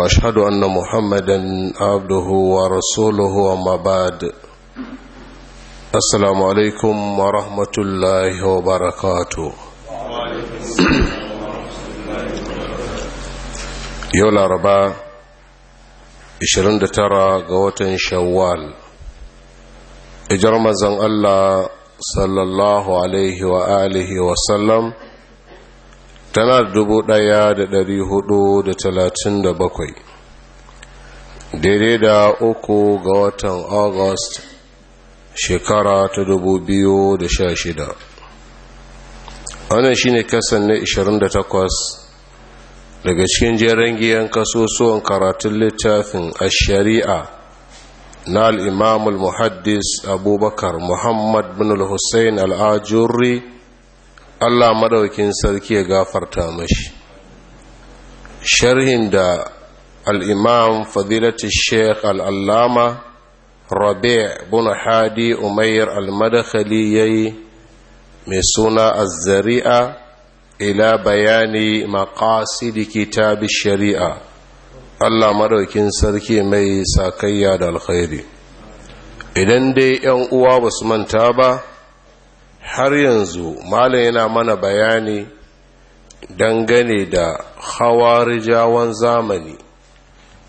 واشهد ان محمدا عبده ورسوله وما بعد السلام عليكم ورحمه الله وبركاته yau laraba 29 ga watan shawwal ijar mazan allah sallallahu alaihi wa alihi tana da dubu ɗaya da ɗari hudu da talatin da bakwai daidai da uku ga watan august shekara ta dubu biyu da sha shida wannan shine kasan na 28 daga cikin jerin giyan kasusuwan karatun littafin a sharia na alimamul muhaddis abubakar muhammad bin al-hussein al ajuri Allah madaukin sarki ya gafarta mashi sharhin da al-imam fadilatu sheikh al-allama rabi' bin hadi umair al-madakhali yayi mai suna az-zari'a ila bayani maqasid kitab sharia Allah madaukin sarki mai sakayya da alkhairi idan dai 'yan uwa basu manta ba har yanzu malam yana mana bayani dangane da hawarijawan zamani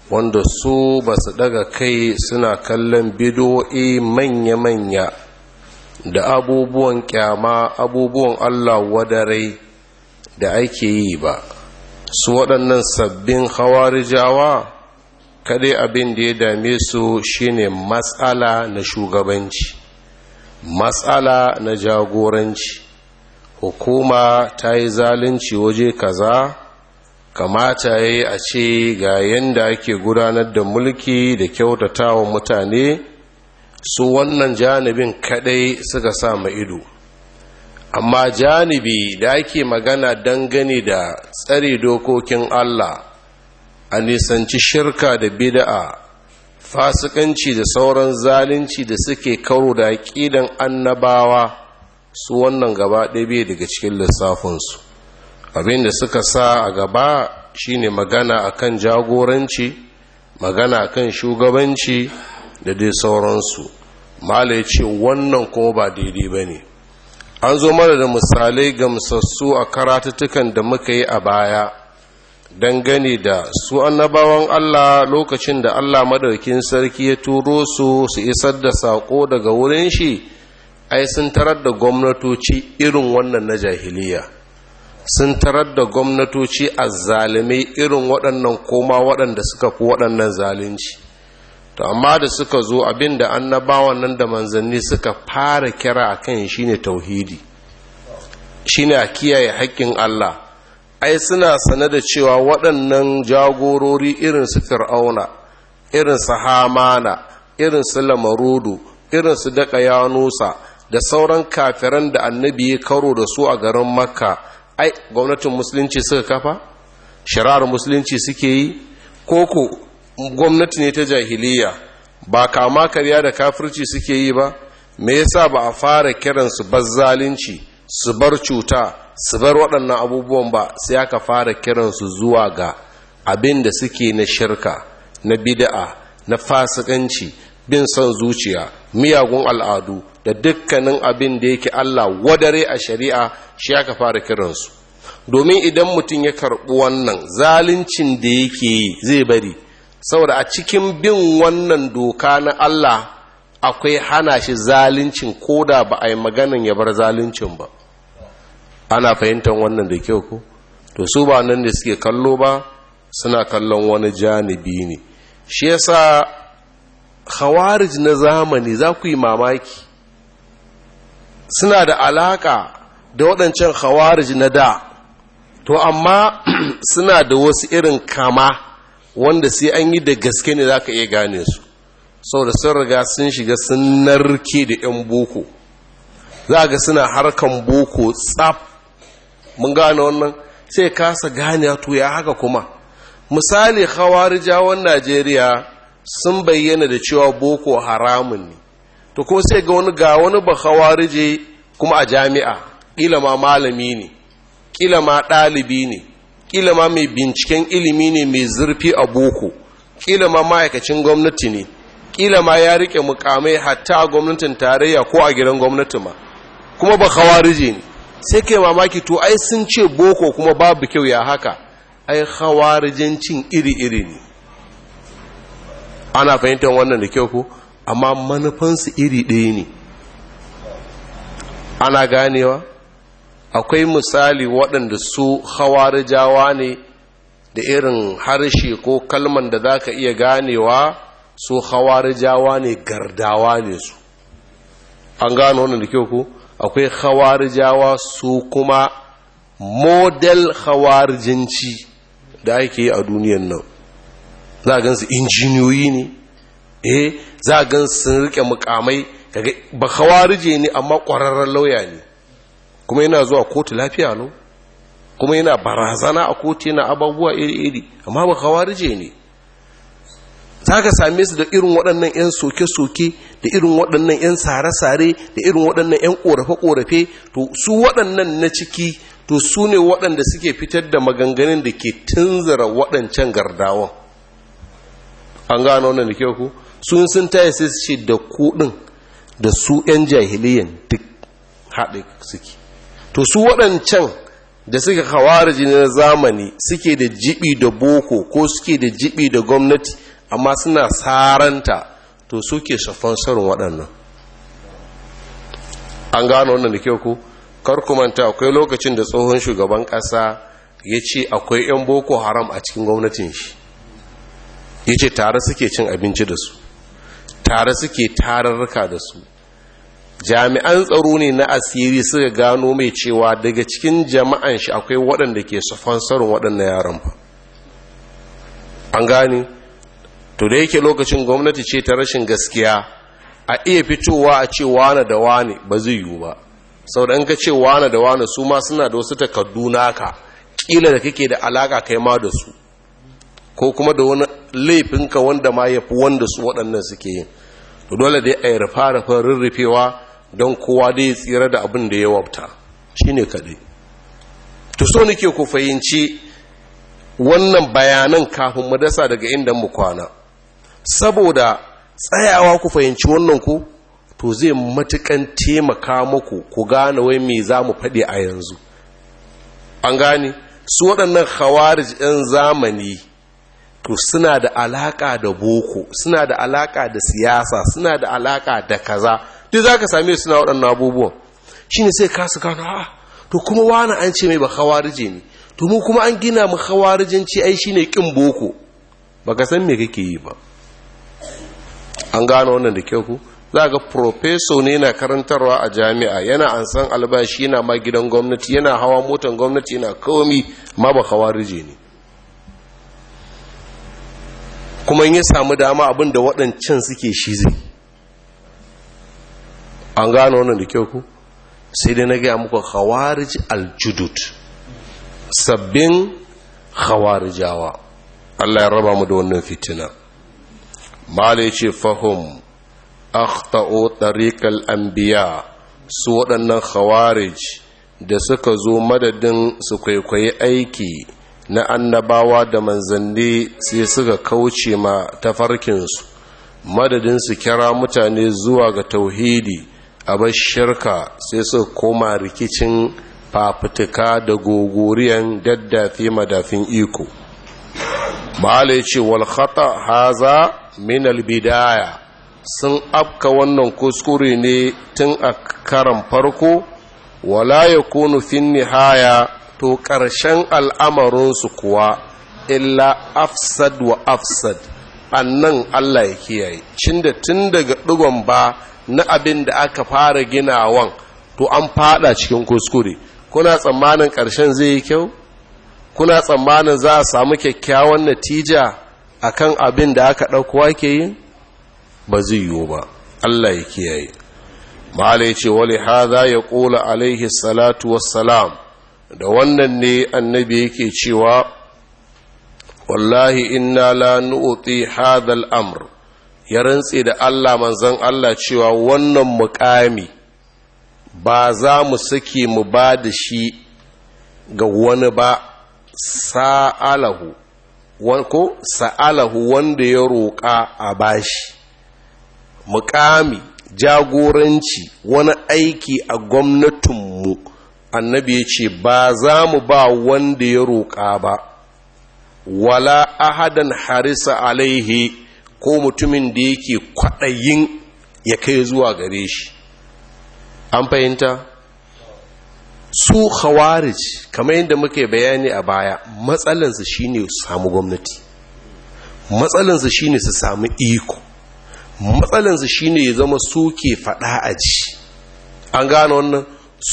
wanda su ba su daga kai suna kallon bido'i manya-manya da abubuwan kyama abubuwan allah wadarai da ake yi ba su waɗannan sabbin hawarijawa kaɗai abin da ya dame su shine matsala na shugabanci matsala na jagoranci hukuma ta yi zalunci waje kaza kamata ya yi a ce ga yadda ake gudanar da mulki da kyautatawa mutane su wannan janibin kadai suka sa ma ido amma janibi da ake magana dangane da tsare dokokin allah a nisanci shirka da bida'a fasikanci da sauran zalunci da suke karo da aƙidan annabawa su wannan gaba ɗaya daga cikin lissafinsu abin da suka sa a gaba shine magana akan jagoranci magana kan shugabanci da dai sauransu mala ya ce wannan kuma ba daidai ba ne an zo mana da misalai gamsassu a karatattukan da muka yi a baya dangane da su annabawan Allah lokacin da Allah madaukin sarki ya turo su su isar da sako daga wurin shi ai sun tarar da gwamnatoci irin wannan na jahiliya sun tarar da gwamnatoci a irin waɗannan koma waɗanda suka fi waɗannan zalunci to amma da suka zo abin da annabawan nan da manzanni suka fara kira a kan shi ne tauhidi shi ne a kiyaye haƙƙin Allah ai suna sane da cewa waɗannan jagorori irin su fir'auna irin su hamana irin su lamarudu irin su daka yanusa da sauran kafiran da annabi ya karo da su a garin makka ai gwamnatin musulunci suka kafa shirar musulunci suke yi ko ku gwamnati ne ta jahiliya ba kama karya da kafirci suke yi ba me yasa ba a fara kiransu bazzalinci su bar cuta su bar waɗannan abubuwan ba sai aka fara kiransu zuwa ga abin da suke na shirka na bida'a na fasikanci bin son zuciya miyagun al'adu da dukkanin abin da yake Allah wadare a shari'a shi aka fara kiransu domin idan mutum ya karɓi wannan zaluncin da yake yi zai bari saboda a cikin bin wannan doka na Allah akwai hana shi zaluncin da ba a yi maganin ya bar zaluncin ba ana fahimtar wannan da kyau ko to su ba nan da suke kallo ba suna kallon wani janibi ne shi yasa khawarij na zamani za ku yi mamaki suna da alaka da waɗancan khawarij na da to amma suna da wasu irin kama wanda sai an yi da gaske ne za ka iya gane su saboda sun riga sun shiga sun narke da 'yan boko za ga suna harkan boko tsaf mun gane wannan sai kasa gane to ya haka kuma misali khawarijawan najeriya sun bayyana da cewa boko haramun ne to kuma sai ga wani ga wani ba khawarije kuma a jami'a kila ma malami ne kila ma ɗalibi ne kila ma mai binciken ilimi ne mai zurfi a boko kila ma ma'aikacin gwamnati ne kila ma ya rike mukamai hatta a gwamnatin tarayya ko a gidan gwamnati ma kuma ba khawarije ne sai kai mamaki to ai sun ce boko kuma babu kyau ya haka ai hawarijancin iri-iri ne ana fahimtar wannan da kyau ko amma manufansu iri ɗaya ne ana ganewa akwai misali waɗanda su hawarijawa ne da irin harshe ko kalman da zaka iya ganewa su hawarijawa ne gardawa ne su an gano wannan da kyau ko akwai khawarijawa su kuma model khawarijinci da ake yi a duniyan nan za a gansu injiniyoyi ne eh za a gansu rike mukamai ba khawarije ne amma ƙwararren lauya ne kuma yana zuwa kotu lafiya no kuma yana barazana a kotu yana abubuwa iri-iri amma ba khawarije ne za ka same su da irin waɗannan 'yan soke-soke da irin waɗannan 'yan sare-sare da irin waɗannan 'yan ƙorafe-ƙorafe to su waɗannan na ciki to su ne waɗanda suke fitar da maganganun da ke tunzara waɗancan gardawan an gano wannan da kyau ku sun sun taya sai su ce da kuɗin da su 'yan jahiliyan duk haɗe suke to su waɗancan da suka jini na zamani suke da jibi da boko ko suke da jibi da gwamnati amma suna saranta to suke sponsorin waɗannan an gano wannan da kyau ku kar manta akwai lokacin da tsohon shugaban ƙasa ya ce akwai 'yan boko haram a cikin gwamnatin shi ya ce tare suke cin abinci da su tare suke tararruka da su jami'an tsaro ne na asiri suka gano mai cewa daga cikin jama'an shi akwai waɗanda ke sponsorin waɗannan yaran ba an gani. to da yake lokacin gwamnati ce ta rashin gaskiya a iya fitowa a ce wane da wane ba zai yiwu ba sau da ka ce wane da wane su ma suna da wasu takardu naka kila da kake da alaka kai ma da su ko kuma da wani laifinka wanda ma ya fi wanda su waɗannan suke yin to dole dai a yi rufa-rufa rurrufewa don kowa dai tsira da abin da ya wabta shi ne kaɗai to so nake ku fahimci wannan bayanan kafin mu dasa daga inda mu kwana saboda tsayawa ku fahimci wannan ku to zai matukan taimaka muku ku gane wai me za mu faɗi a yanzu an gane su waɗannan khawarij ɗin zamani to suna da alaƙa da boko suna da alaƙa da siyasa suna da alaƙa da kaza duk za ka same suna waɗannan abubuwan shi ne sai kasu gano a ah, to kuma wani an ce mai ba khawarije ne to mu kuma an gina mu khawarijin ci ai shi ne ƙin boko ba ka san me kake yi ba an gano wannan da kyau ku za ga profeso ne yana karantarwa a jami'a yana ansan albashi yana ma gidan gwamnati yana hawa motan gwamnati yana komi ma ba kawarije ne kuma in ya samu dama abin da waɗancan suke shi zai an gano wannan da kyau ku sai dai na gaya muku khawarij aljudud sabbin khawarijawa Allah ya raba mu da wannan fitina mala ya ce fahim akhta'u tariqal anbiya su waɗannan khawarij da suka zo madadin su kwaikwayi aiki na annabawa da manzanni sai suka kauce ma tafarkinsu madadin su kira mutane zuwa ga tauhidi a shirka sai suka koma rikicin fafutuka da gogoriyan daddafe madafin iko mahala ya ce wal khata haza min albidaya sun afka wannan kuskure ne tun a karan farko wala ya kunu finni haya to ƙarshen al'amarinsu kuwa illa afsad wa afsad annan Allah ya kiyaye da tun daga ɗigon ba na abin da aka fara ginawan to an fada cikin kuskure kuna tsammanin ƙarshen zai yi kyau kuna tsammanin za a samu kyakkyawan natija akan abin da aka ɗaukowa ke yi ba zai yiwu ba Allah ya kiyaye malai ce ha za ya ƙola alaihi salatu wassalam da wannan ne annabi yake cewa wallahi inna la nu'ti hadha amr ya rantse da Allah manzon Allah cewa wannan mukami ba za mu saki mu ba da shi ga wani ba sa'alahu ko sa'alahu wanda ya roƙa a bashi Muƙami, jagoranci wani aiki a gwamnatinmu annabi ya ce ba za mu ba wanda ya roƙa ba wala ahadan harisa alaihi ko mutumin da yake kwaɗayin ya kai zuwa gare shi an fahimta su khawarij kamar yadda muke bayani a baya shi shine su samu gwamnati shi shine su samu iko shi shine ya zama su ke faɗa a ji an gano wannan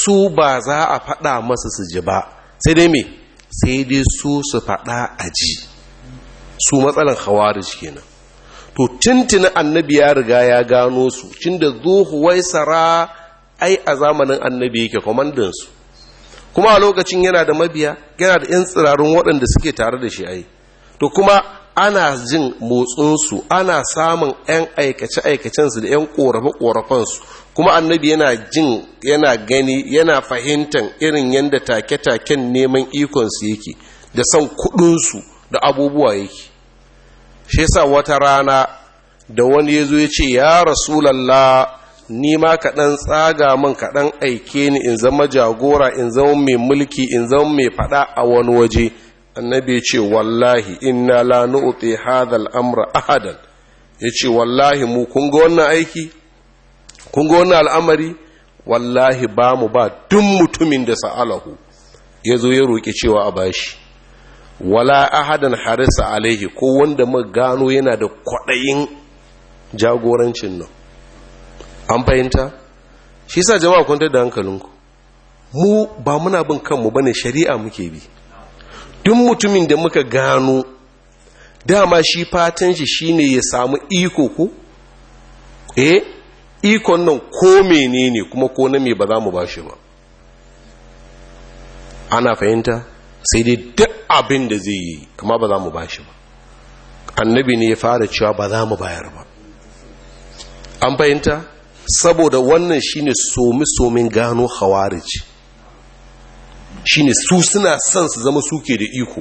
su ba za a faɗa masa su ji ba sai dai me sai dai su su faɗa a ji su matsalan khawarij kenan to tuntuni annabi ya riga ya gano su cin da zuhu wai sara ai a zamanin annabi yake kwamandansu kuma a lokacin yana da mabiya yana da 'yan tsirarun waɗanda suke tare da shi ai to kuma ana jin motsinsu ana samun 'yan aikace-aikacensu da 'yan ƙorafe-ƙorafensu kuma annabi yana jin yana gani yana fahimtar irin yadda take-taken neman ikonsu yake da son kuɗinsu da abubuwa yake shi yasa wata rana da wani ya zo ya ce ya rasulallah ni ma ka ɗan tsaga man ka ɗan aike ni in zama jagora in zama mai mulki in zama mai faɗa a wani waje annabi ce wallahi inna la nu'ti hadha amra ahadan yace wallahi mu kun ga wannan aiki kun ga wannan al'amari wallahi ba mu ba duk mutumin da sa'alahu zo ya roki cewa a bashi wala ahadan harisa alaihi ko wanda mu gano yana da kwaɗayin jagorancin nan an fahimta shi sa jama'a kwantar da hankalinku mu ba muna bin kanmu ba ne shari'a muke bi duk mutumin da muka gano dama shi fatan shi shine ya samu iko ku? eh ikon nan ko menene kuma ko na me ba za mu ba shi ba ana fahimta sai dai duk abin da zai yi kuma ba za mu ba shi ba annabi ne ya fara cewa ba za mu bayar ba an fahimta saboda wannan shine somi-somin gano hawarij shine su suna son su zama suke da iko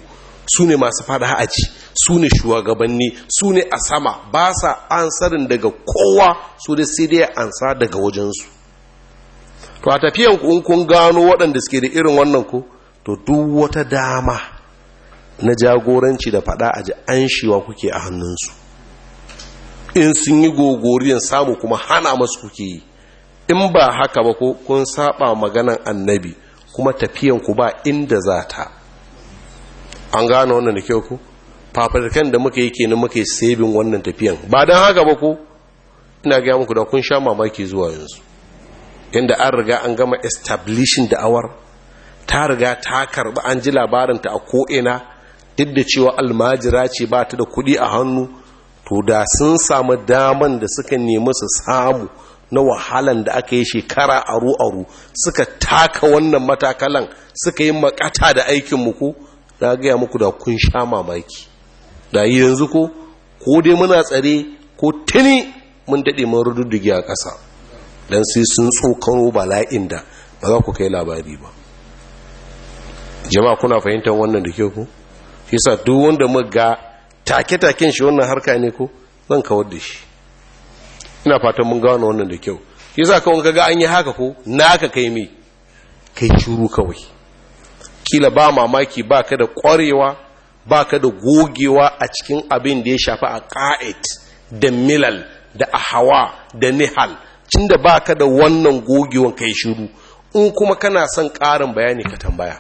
su ne masu fada aji su ne shugabanni su ne a sama ba sa ansarin daga kowa su da sai dai ansa daga wajensu to a tafiyan ku kun gano waɗanda suke da irin wannan ku to duk wata dama na jagoranci da fada aji an shiwa kuke a hannunsu in sun yi gogoriyan samu kuma hana masu kuke yi in ba haka ba ko kun saba maganan annabi kuma tafiyan ku ba inda za ta an gane wannan da kyau ku fafarkan da muka yi kenan muka yi sebin wannan tafiyan ba don haka ba ko ina gaya muku da kun sha mamaki zuwa yanzu Inda an riga an gama establishing da awar ta riga ta karba an ji labarinta a ko'ina duk da cewa almajira ce ba ta da kuɗi a hannu to da sun samu daman da suka nemi su samu na wahalan da aka yi shekara aru-aru suka taka wannan matakalan suka yi makata da aikin muku na gaya muku da kun sha mamaki da yi yanzu ko ko dai muna tsare ko tuni mun daɗe mun rududdugi a ƙasa don sai sun tsokano bala'in da ba za ku kai labari ba jama'a kuna fahimtar wannan da ke ku fisa duk wanda muka ga take-taken shi wannan harka ne ko zan kawar da shi ina fatan mun gano wannan da kyau shi za kawai kaga an yi haka ko na naka kai me kai shuru kawai kila ba mamaki ba ka da ƙwarewa ba ka da gogewa a cikin abin da ya shafi a ƙa'id da milal da ahawa da nihal cin da ba ka da wannan gogewan kai shuru in kuma kana son ƙarin bayani ka tambaya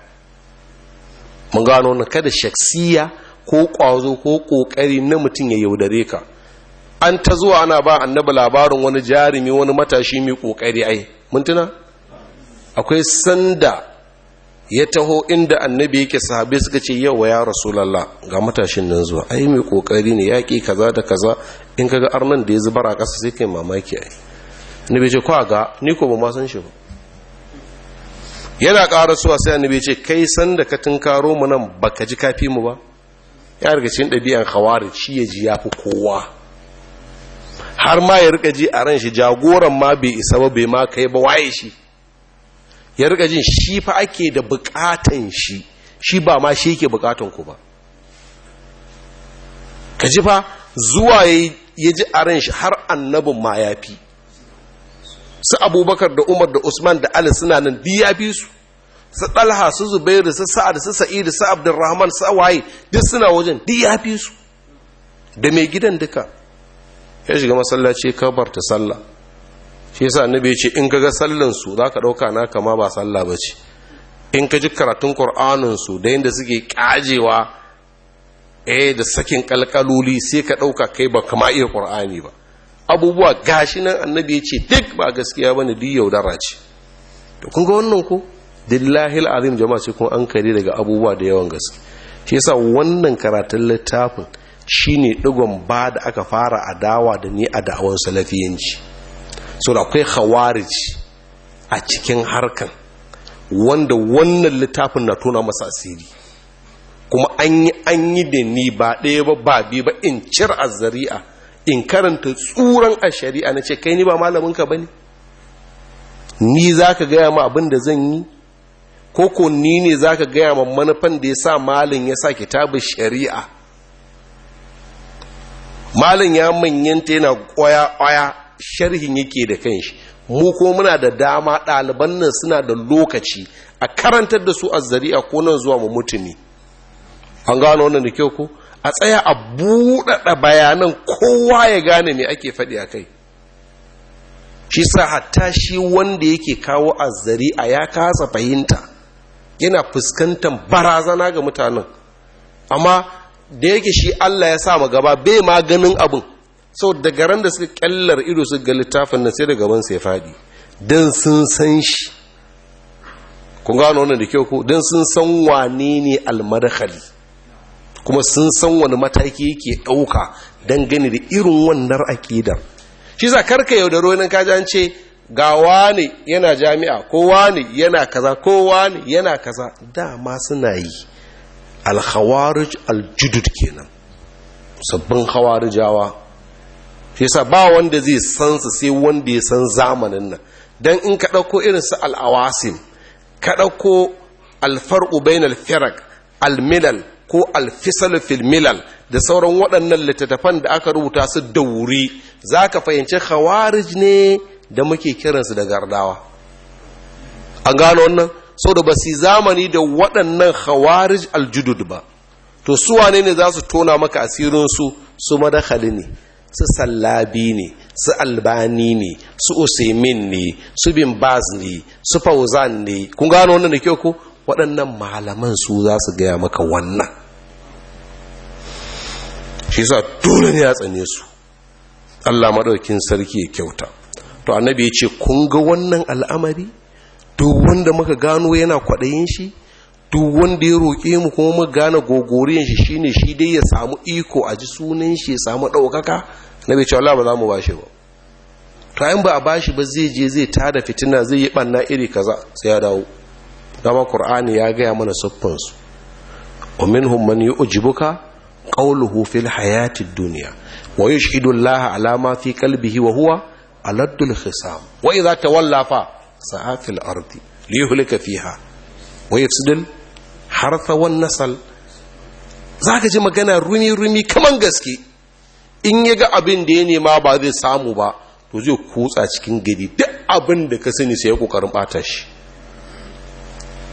mun gano na kada shaksiya ko ƙwazo ko ƙoƙari na mutum ya yaudare ka an ta zuwa ana ba annabi labarin wani jarumi wani matashi mai ƙoƙari ai mintuna akwai sanda ya taho inda annabi yake sahabe suka ce yawa ya rasulallah ga matashin nan zuwa ai mai ƙoƙari ne yaƙi kaza da kaza in kaga arnan da ya zubar a ƙasa sai kai mamaki ai annabi ce kwa ga ni ko ba ma san shi ba yana ƙara suwa sai annabi ce kai sanda ka tunkaro mu nan baka ji kafi mu ba ya riga cikin ɗabi'an khawari shi ya ji ya fi kowa har ma ya rika ji a ran shi jagoran ma bai isa ba bai ma kai ba waye shi ya rika jin shi fa ake da bukatan shi shi ba ma shi yake bukatan ku ba ka ji fa zuwa ya ji a ran shi har annabin ma ya fi su abubakar da umar da usman da ali suna nan biya bi su su ɗalha su zubairu su sa'ad su sa'idu su abdurrahman su awaye duk suna wajen duk ya fi su da mai gidan duka ya shiga masallaci kabar ta sallah shi yasa annabi ya ce in kaga ga su za ka ɗauka na kama ba sallah ba ce in ka ji karatun ƙur'anin su da yadda suke ƙajewa eh da sakin ƙalƙaloli sai ka ɗauka kai ba kama iya ƙur'ani ba abubuwa gashi nan annabi ya ce duk ba gaskiya ba ne duk yaudara ce to kun ga wannan ko dillahil azim jama'a sai kuma an kare daga abubuwa da yawan gaske shi yasa wannan karatun littafin shine digon ba da aka fara adawa da ni a da'awar salafiyanci so da akwai khawarij a cikin harkan wanda wannan littafin na tona masa asiri kuma an yi an yi da ni ba ɗaya ba ba bi ba in cir a in karanta tsuran a shari'a na ce kai ni ba malamin ba ne ni za ka gaya ma abin da zan yi ko ko ni ne za ka gaya ma manufan da ya sa malin ya sa kitabin shari'a malin ya manyanta yana kwaya-kwaya sharhin yake da kanshi mu ko muna da dama ɗaliban nan suna da lokaci a karantar da su a zari'a ko nan zuwa mu mutumi. an gano wannan da kyau ko a tsaya a buɗaɗa bayanan kowa ya gane me ake faɗi a kai shi sa hatta shi wanda yake kawo zari'a ya kasa fahimta yana fuskantar barazana ga mutanen amma da yake shi Allah ya sa gaba bai ma ganin abin sau daga ran da suka kyallar ido su ga littafin nan sai da gaban sai faɗi don sun san shi kun gano wannan da kyau ko don sun san wane ne almarhali kuma sun san wani mataki yake ɗauka don gani da irin wannan akidar shi za karka yaudaro nan kajance. Gawa ne yana jami'a ko ne yana kaza ko ne yana kaza dama suna yi alhawarij aljudud kenan sabbin hawarijawa shi sa ba wanda zai san su sai wanda ya san zamanin nan dan in ka dauko irin su al'awasim ka dauko alfar'u bainal firaq almilal ko alfisal milal da sauran waɗannan littattafan da aka rubuta su dauri zaka za ka fahimci hawarij ne da muke kiransu da gardawa an gano wannan sau da ba su zamani da waɗannan khawarij aljudud ba to su wane ne za su tona maka asirinsu su madakhali ne su sallabi ne su albani ne su usaimin ne su bin baz ne su fauzan ne kun gano wannan da kyau ko waɗannan malaman su za su gaya maka wannan shi sa dole ya tsane su Allah maɗaukin sarki ya kyauta to annabi ya ce kun ga wannan al'amari duk wanda muka gano yana kwaɗayin shi duk wanda ya roƙe mu kuma muka gane gogoriyan shi shine shi dai ya samu iko a ji sunan shi ya samu ɗaukaka annabi ce wallahi ba za mu ba shi ba to ayin ba a bashi ba zai je zai tada fitina zai yi banna iri kaza sai ya dawo dama qur'ani ya gaya mana suffan su wa minhum man yu'jibuka qawluhu fil hayatid dunya wa yashhidu allaha ala ma fi qalbihi wa huwa aladdul khisam wa idza tawalla fa sa'atil ardi li yuhlika fiha wa yafsidul harfa wan nasal zaka ji magana rumi rumi kaman gaske in ya ga abin da ya nema ba zai samu ba to zai kutsa cikin gari duk abin da ka sani sai ya kokarin bata shi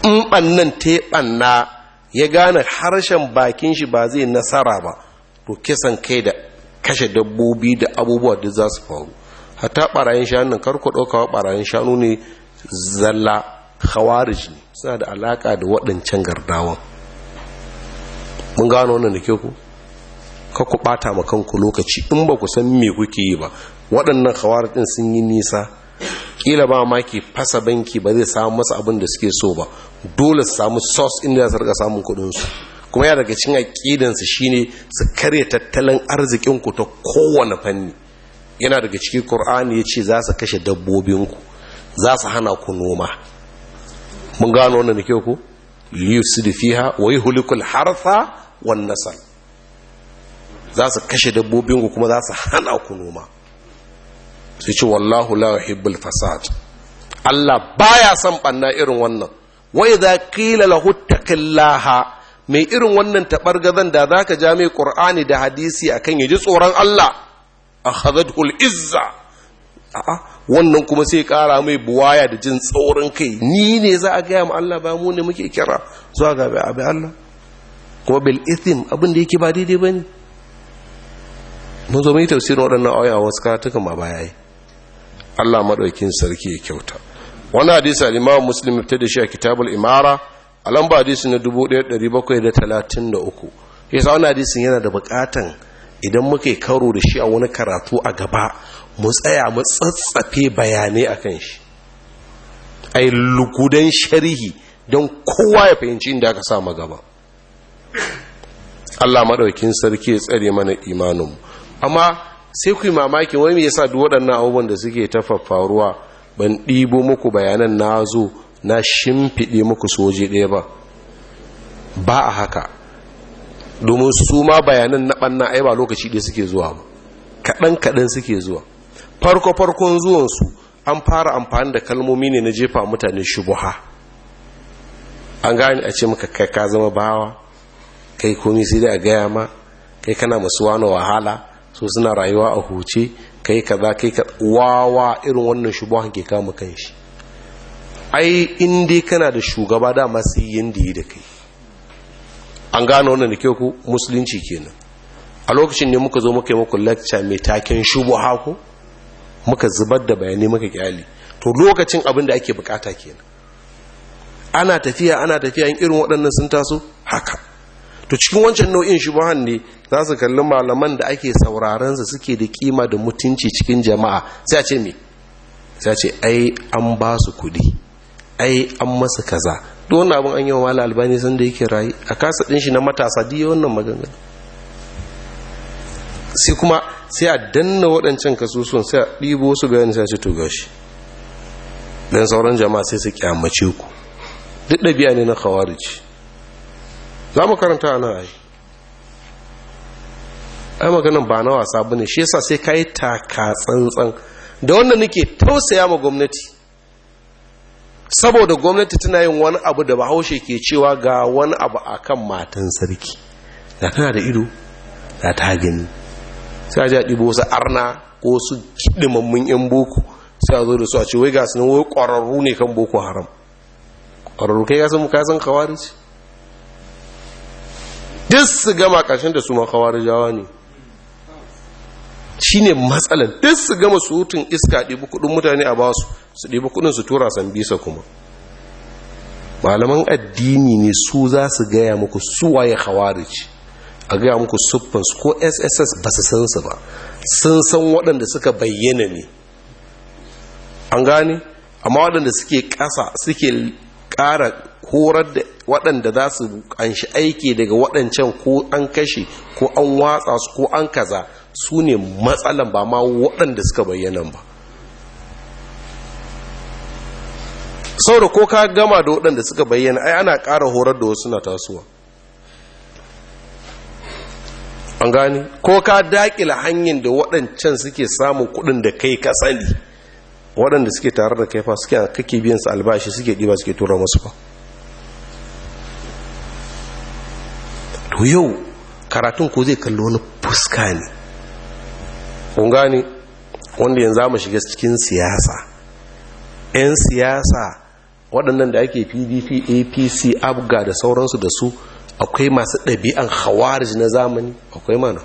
in bannan ta banna ya gane harshen bakin shi ba zai nasara ba to kisan kai da kashe dabbobi da abubuwa da za su faru hatta barayin shanun karku ɗaukawa barayin shanu ne zalla khawarij ne suna da alaka da waɗancan gardawan mun gano wannan da ke ku ka ku ɓata ma kanku lokaci in ba ku san me kuke yi ba waɗannan khawarij ɗin sun yi nisa kila ba ma ke fasa banki ba zai samu masa abin da suke so ba dole su samu sos inda za su rika samun kuɗinsu kuma ya daga cin aƙidansu shine su karya tattalin arzikin ku ta kowane fanni yana daga cikin ƙur'ani ya ce za su kashe dabbobinku za su hana ku noma mun gano wannan da kyau ku liyusu da fiha wai hulikul harfa wan nasal za su kashe dabbobinku kuma za su hana ku noma sai ce wallahu la hibbul fasad Allah baya son banna irin wannan wai za kila lahu taqillaha mai irin wannan tabargazan da zaka ja mai qur'ani da hadisi akan yaji tsoron Allah A al-izza wannan kuma sai kara mai buwaya da jin tsaurin kai ni ne za a gaya mu Allah ba mu ne muke kira zuwa ga abin Allah kuma bil ithim abin da yake ba daidai bane mun zo mai tafsirin waɗannan a wasu karatukan ma baya yi Allah madaukin sarki ya kyauta wani hadisi al-Imam Muslim ta da shi a Kitabul Imara a lamba hadisi na 1733 yasa wani hadisin yana da buƙatan idan muka karo da shi a wani karatu a gaba mu tsaya mu tsatsafe bayanai a kan shi a yi lukudan sharihi don kowa ya fahimci inda aka sama gaba allah maɗaukin sarki ya tsare mana imaninmu amma sai ku yi mamaki wani mai yasa duk waɗannan abubuwan da suke tafafaruwa faruwa ban ɗibo muku bayanan na zo na shimfiɗe muku soje ɗaya ba ba a haka domin su ma bayanan na ɓanna ai ba lokaci ɗaya suke zuwa ba kaɗan-kaɗan suke zuwa farko-farkon zuwansu an fara amfani da kalmomi ne na jefa mutane shubuha an gane a ce maka kai ka zama bawa kai komi sai dai a gaya ma kai kana masu wani wahala so suna rayuwa a huce kai kaza kai ka wawa irin wannan shubuhan ke kama shi ai in dai kana da shugaba dama sai yin da yi da kai an gano wannan da ke ku musulunci kenan a lokacin ne muka zo muka yi muku lacca mai taken shubu haku muka zubar da bayani muka kyali to lokacin abin da ake bukata kenan ana tafiya ana tafiya in irin waɗannan sun taso haka to cikin wancan nau'in shubuhan ne za su kalli malaman da ake sauraron su suke da kima da mutunci cikin jama'a sai a ce me sai a ce ai an ba su kuɗi ai an masa kaza duk wannan abin an yi wa mala albani san da yake rayu a kasa ɗin shi na matasa diya wannan maganganu sai kuma sai a danna waɗancan kasusun sai a ɗibo wasu ga sai ce to gashi don sauran jama'a sai su kyamace ku duk ɗabi'a ne na kawarici za mu karanta a nan ai ai maganin ba na wasa bane shi yasa sai ka yi taka tsantsan da wannan nake tausaya ma gwamnati saboda gwamnati tana yin wani abu da bahaushe ke cewa ga wani abu a kan matan sarki da tana da ido da ta gani sai ji a ɗibo wasu arna ko su kiɗimammin 'yan boko sai a zo da su a ce wai ga sunan wai ƙwararru ne kan boko haram ƙwararru kai yasan muka san kawarici duk su gama ƙarshen da su ma kawarijawa ne shine matsalan duk su gama surutun iska ɗibi kuɗin mutane a basu su ɗibi kuɗin su tura san bisa kuma malaman addini ne su za su gaya muku suwaye hawarici a gaya muku siffansu ko sss ba su san su ba sun san waɗanda suka bayyana ne an gane amma waɗanda suke ƙasa suke ƙara horar da waɗanda za su anshi aiki daga waɗancan ko an kashe ko an watsa su ko an kaza su ne matsalan ba ma waɗanda suka bayyana ba saura ko ka gama da waɗanda suka bayyana ai ana ƙara horar da wasu na tasowa an gani ko ka daƙila hanyar da waɗancan suke samun kuɗin da kai ka waɗanda suke tare da kai fa suke kake biyan su albashi suke ɗiba suke tura masu ba to yau karatun ko zai kallo wani fuska ne kun gani wanda yanzu mu shiga cikin siyasa 'yan siyasa waɗannan da ake pdp apc abga da sauransu da su akwai masu ɗabi'an khawarij na zamani akwai mana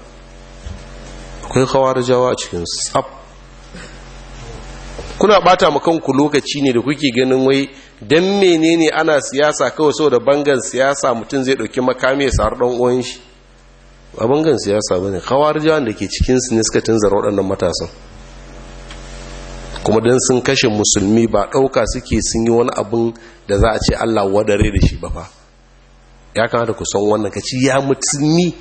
akwai khawarijawa a cikin tsab kuna bata ma kanku lokaci ne da kuke ganin wai don menene ana siyasa kawai so da bangan siyasa mutum zai ɗauki makami ya sa'ar ɗan uwan shi a gan siyasa bane khawarijawan da ke cikin su ne suka tunzara waɗannan matasan kuma don sun kashe musulmi ba ɗauka suke sun yi wani abin da za a ce Allah wadare da shi ba fa ya kamata ku son wannan ka ci ya mutumi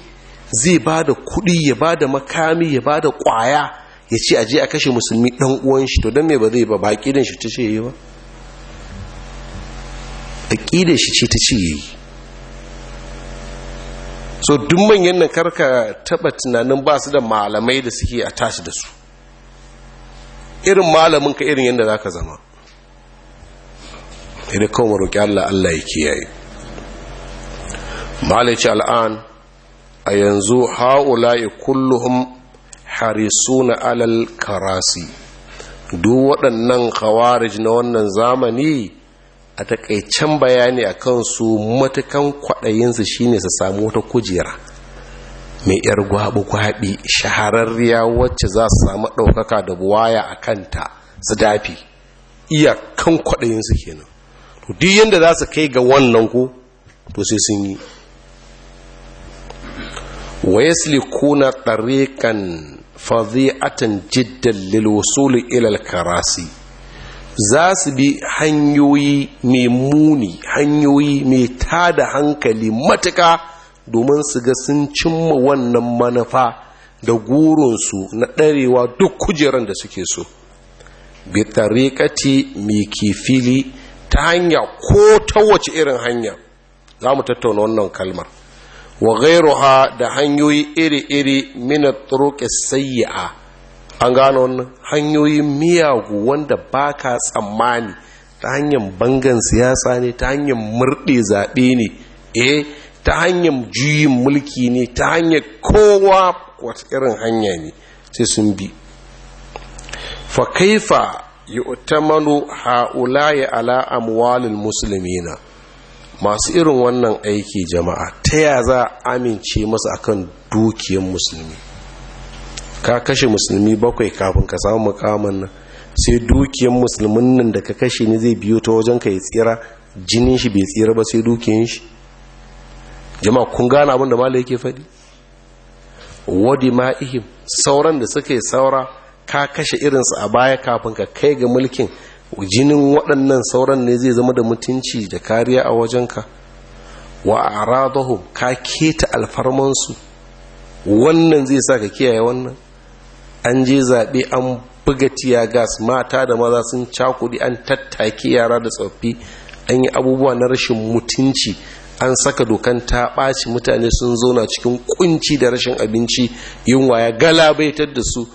zai ba da kuɗi ya ba da makami ya ba da ƙwaya ya ce aje a kashe musulmi ɗan uwan shi to don me ba zai ba baƙi shi ta ce yi ba shi ce ta ce yi so duk manyan nan karka taba tunanin ba su da malamai da suke a tashi da su irin malamin ka irin yadda za ka zama idan kawo mu Allah Allah ya kiyaye malaci al'an a yanzu haula'i kulluhum harisuna alal karasi duk waɗannan kawarij na wannan zamani a takaicen bayani a su matukan kwaɗayinsu shine su samu wata kujera mai yar gwabi-gwabi shahararriya wacce za su samu ɗaukaka da buwaya a kanta su dafi iyakan kwaɗayinsu kenan to duk yadda za su kai ga wannan ko to sai sun yi wa na tariqan fazi'atan jiddan lil wusul ila karasi za su bi hanyoyi mai muni hanyoyi mai tada hankali matuka domin su ga sun cimma wannan manufa da gurinsu na ɗarewa duk kujerar da suke so bi tariƙati mai kifili ta hanya ko ta wace irin hanya za mu tattauna wannan kalmar wa da hanyoyi iri-iri mina turuƙe sayya'a an gano wannan hanyoyin miyagu wanda ba ka tsammani ta hanyar bangan siyasa ne ta hanyar murɗe zaɓe ne eh ta hanyar juyin mulki ne ta hanyar kowa wata irin hanya ne sai sun bi fa kaifa ha'ula ha'ula'i ala amwalil musulmina masu irin wannan aiki jama'a ta ya za a amince masu akan dukiyar musulmi ka kashe musulmi bakwai kafin ka samu makaman nan sai dukiyar musulmin nan da ka kashe ne zai biyo ta wajen ka ya tsira jinin shi bai tsira ba sai dukiyar shi jama'a kun gane abin da malai yake faɗi wadi ma'ihim sauran da suka yi saura ka kashe irinsu a baya kafin ka kai ga mulkin jinin waɗannan sauran ne zai zama da mutunci da kariya a wajenka wa aradahum ka keta alfarmansu wannan zai sa ka kiyaye wannan an je zaɓe an buga tiya gas mata da maza sun cakudi an tattake yara da tsoffi an yi abubuwa na rashin mutunci an saka dokan ta ɓaci mutane sun zauna cikin kunci da rashin abinci yunwa ya galabaitar da su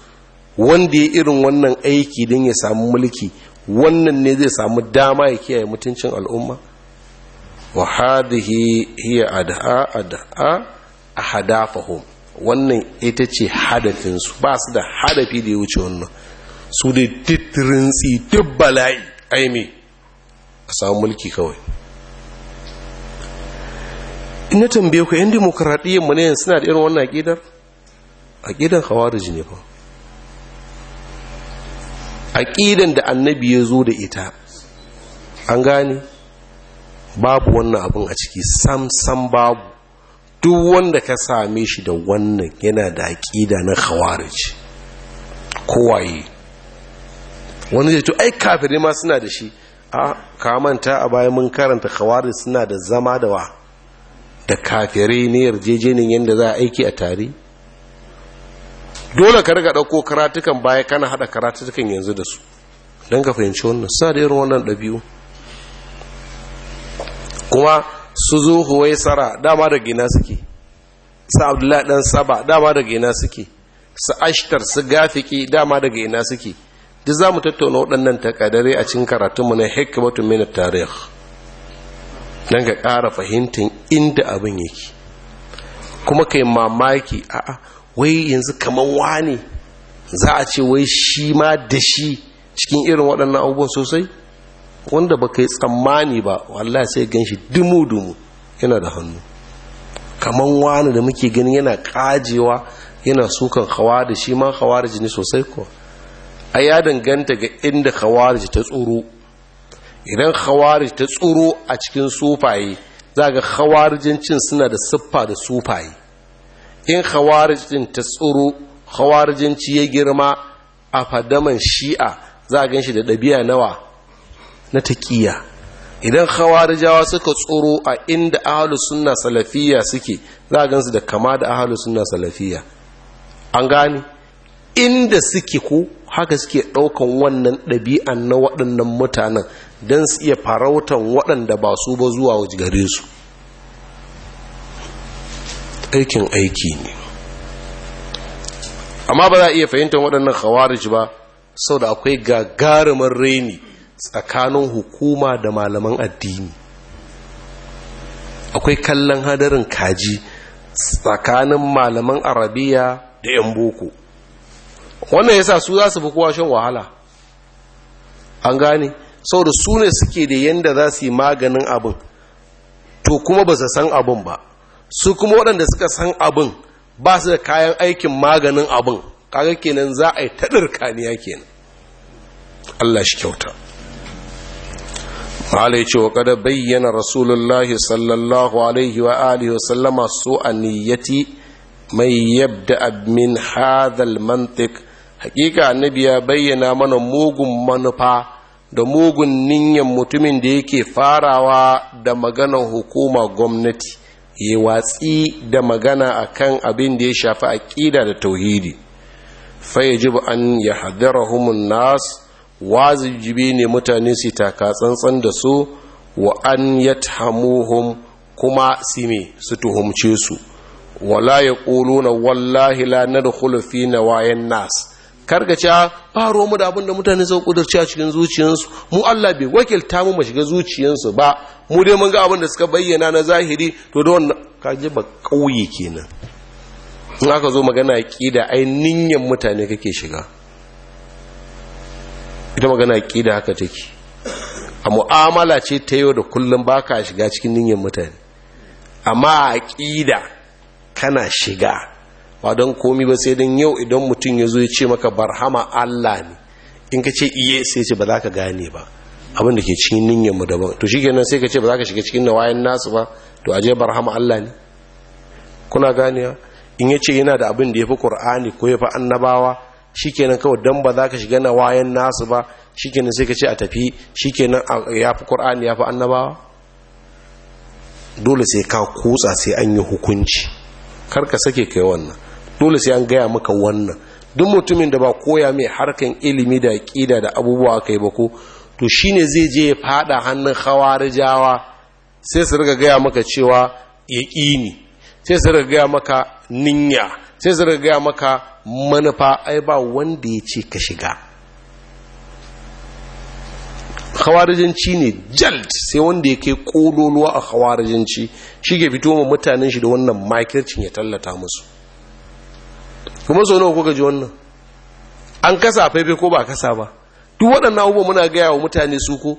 wanda ya irin wannan aiki don ya samu mulki wannan ne zai samu dama ya kiyaye mutuncin al'umma wa hadhihi hiya a hada ahadafahum wannan ita ce hadafinsu ba su da hadafi da ya wuce wannan su dai titirinsi duk bala'i aimi a samu mulki kawai ina tambaye ku yan demokradiyyar mu ne suna da irin wannan aƙidar aƙidar khawarij ne fa aƙidan da annabi ya zo da ita an gane babu wannan abin a ciki sam sam babu duk wanda ka same shi da wannan yana da aƙida na khawarij kowaye wani zai to ai kafirai ma suna da shi a kamanta a bayan mun karanta khawarij suna da zama da wa da kafirai ne yarjejenin yadda za a aiki a tare dole ka riga ɗauko karatukan baya kana haɗa karatukan yanzu da su don ka fahimci wannan suna da irin wannan ɗabi'u kuma su zo huwaisara dama daga ina suke su abdullahi dan saba dama daga ina suke su ashtar su gafiki dama daga ina suke duk za mu tattauna waɗannan takadare a cikin karatunmu na hikmatu min tarih dan ga ƙara fahimtar inda abin yake kuma kai mamaki a'a wai yanzu kamar wani za a ce wai shi ma da shi cikin irin waɗannan abubuwan sosai wanda ba ka yi tsammani ba wallahi sai gan shi dumu-dumu yana da hannu kaman wani da muke ganin yana kajewa yana sukan da shi ma da ne sosai ko a ya danganta ga inda da ta tsoro idan khawarij ta tsoro a cikin sufaye za ga khawarijancin suna da siffa da sufaye in khawarij ta tsoro ya girma a fadaman shi'a za a gan shi da ɗabi'a nawa na taƙiya idan hawarijawa suka tsoro a inda ahalus suna salafiya suke za a gansu da kama da ahalus suna salafiya an gane inda suke ko haka suke ɗaukan wannan ɗabi'an na waɗannan mutanen don su iya farautan waɗanda ba su ba zuwa gare su aikin aiki ne amma ba za a iya fahimtar waɗannan hawarij ba sau da akwai gagarumin raini. tsakanin hukuma da malaman addini akwai kallon hadarin kaji tsakanin malaman arabiya da 'yan boko wannan yasa su za su fi kowa shan wahala an gane saboda su ne suke da yadda za su yi maganin abin to kuma ba su san abin ba su kuma waɗanda suka san abin ba su da kayan aikin maganin abin kaga kenan za a yi taɗar kaniya kenan Allah shi kyauta malai ce wa kada bayyana rasulullahi sallallahu alaihi wa alihi su a niyyati mai yabda abin hadal mantik hakika annabi ya bayyana mana mugun manufa da mugun niyyar mutumin da yake farawa da magana hukuma gwamnati ya watsi da magana akan abin da ya shafi aƙida da tauhidi fa yajibu an humun nas wazijibi ne mutane su taka tsantsan da su wa an tamuhun kuma sime su tuhumce su wala na wallahi lanar hulufi na wayan nas kargaca faro ah, mu da abin da mutane sau ƙudurci a cikin zuciyarsu mu Allah bai wakilta mu mu shiga zuciyarsu ba mu dai mun ga abin da suka bayyana na zahiri to da wannan kaje ba ƙauye kenan in aka zo magana aqida da ainihin mutane kake shiga ita magana aqida haka take a mu'amala ce ta yau da kullum ba ka shiga cikin niyyar mutane amma a aqida kana shiga ba don komi ba sai don yau idan mutum ya zo ya ce maka barhama Allah ne in ka ce iye sai ce ba za ka gane ba abin da ke cikin niyyar mu daban to shikenan sai ka ce ba za ka shiga cikin nawayen nasu ba to aje barhama Allah ne kuna ganewa in ya ce yana da abin da ya fi ƙur'ani ko ya fi annabawa shikenan kawai dan ba za ka shiga na wayan nasu ba shikenan sai ka ce a tafi shikenan ya fi ƙur'ani ya fi annabawa dole sai ka kutsa sai an yi hukunci karka sake kai wannan dole sai an gaya maka wannan duk mutumin da ba koya mai harkan ilimi da ƙida da abubuwa kai ba ko to shi ne zai je ya fada hannun hawarijawa sai su riga gaya maka cewa ya ƙini sai su riga gaya maka ninya sai su riga gaya maka manufa ai ba wanda ya ce ka shiga khawarijanci ne jalt sai wanda ya kai kololuwa a khawarijanci shi ke fito ma mutanen shi da wannan makircin ya tallata musu kuma sau nawa kuka ji wannan an kasa faifai ko ba kasa ba duk waɗannan abubuwa muna gaya wa mutane su ko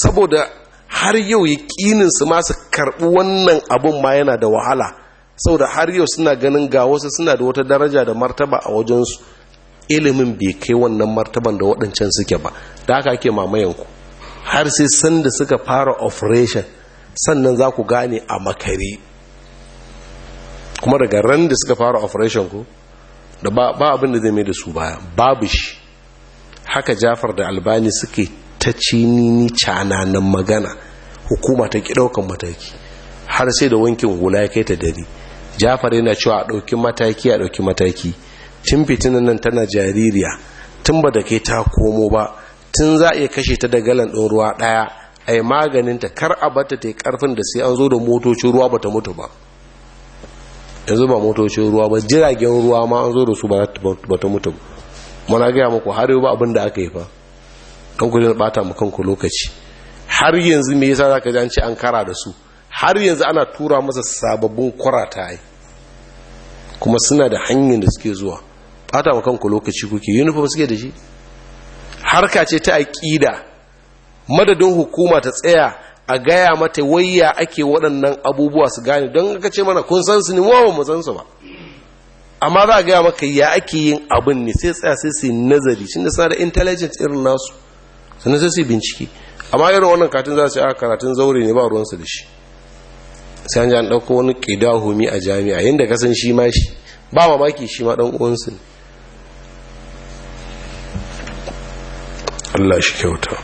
saboda har yau ya ƙinin su masu karɓi wannan abun ma yana da wahala saboda har yau suna ganin ga wasu suna da wata daraja da martaba a wajensu ilimin bai kai wannan martaban da waɗancan suke ba da haka ake mamayanku har sai sanda suka fara operation sannan za ku gane a makare kuma daga ran da suka fara operation ku da ba abin da zai mai da su baya babu shi haka jafar da albani suke ta cinini cananan magana hukuma ta ki ɗaukan mataki har sai da wankin hula ya kai ta dare jafar yana cewa a ɗauki mataki a ɗauki mataki tun fitinan nan tana jaririya tun ba da kai ta komo ba tun za a iya kashe ta da galan ɗin ruwa ɗaya a yi maganinta kar a bata ta yi ƙarfin da sai an zo da motocin ruwa ba ta mutu ba yanzu ba motocin ruwa ba jiragen ruwa ma an zo da su ba ta mutu mana gaya muku har yau ba abin da aka yi fa don ku bata mu kanku lokaci har yanzu me yasa za ka ji an ce kara da su har yanzu ana tura masa sababbin kwarata yi kuma suna da hanyar da suke zuwa fata wa kanku lokaci kuke uniform suke da shi harka ce ta aƙida madadin hukuma ta tsaya a gaya mata wayya ake waɗannan abubuwa su gane don ka ce mana kun san su ne wawan mu san su ba amma za a gaya maka ya ake yin abin ne sai tsaya sai su nazari shi da suna da intelligence irin nasu sannan sai su bincike amma irin wannan katin za su yi a ah, karatun zaure ne ba ruwansu da shi sai an ji an ɗauko wani ƙidahumi a jami'a yadda kasan san shi ma shi ba mamaki shi ma ɗan ne Allah shi kyauta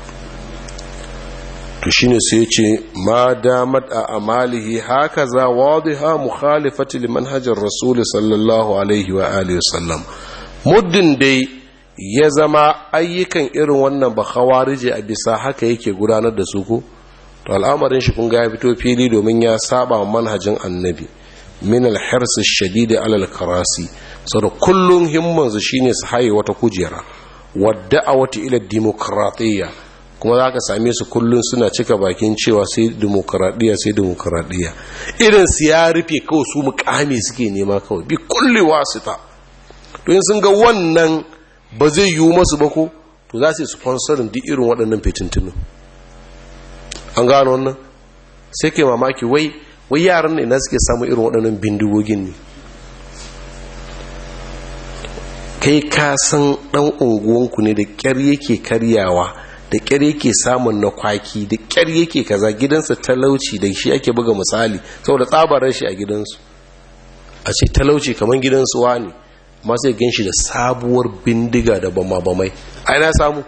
to shi ne sai ce ma damar a amalihi haka za wadiha ha, liman manhajar rasuli sallallahu alaihi wa alihi sallam muddin dai ya zama ayyukan irin wannan ba khawarije a bisa haka yake gudanar da su ko to al'amarin shi kun ga ya fito fili domin ya saba manhajin annabi min al-hirs ash-shadid ala al-karasi saboda kullun himman su shine su haye wata kujera wata ila demokratiya kuma za ka same su kullun suna cika bakin cewa sai demokradiya sai demokradiya irin su ya rufe kawai su mukami suke nema kawai bi kulli wasita to in sun ga wannan ba zai yiwu masu ba ko to za su yi sponsorin duk irin waɗannan fitintunan an gano wannan sai ke mamaki wai wai yaran ne na suke samu irin waɗannan bindigogin ne kai ka san ɗan unguwanku ne da ƙyar yake karyawa da ƙyar yake samun na kwaki da ƙyar yake kaza gidansa talauci da shi ake buga misali saboda tsabarar shi a gidansu a ce talauci kamar gidansu wani masu yi gan shi da sabuwar bindiga da bama bamai ai na samu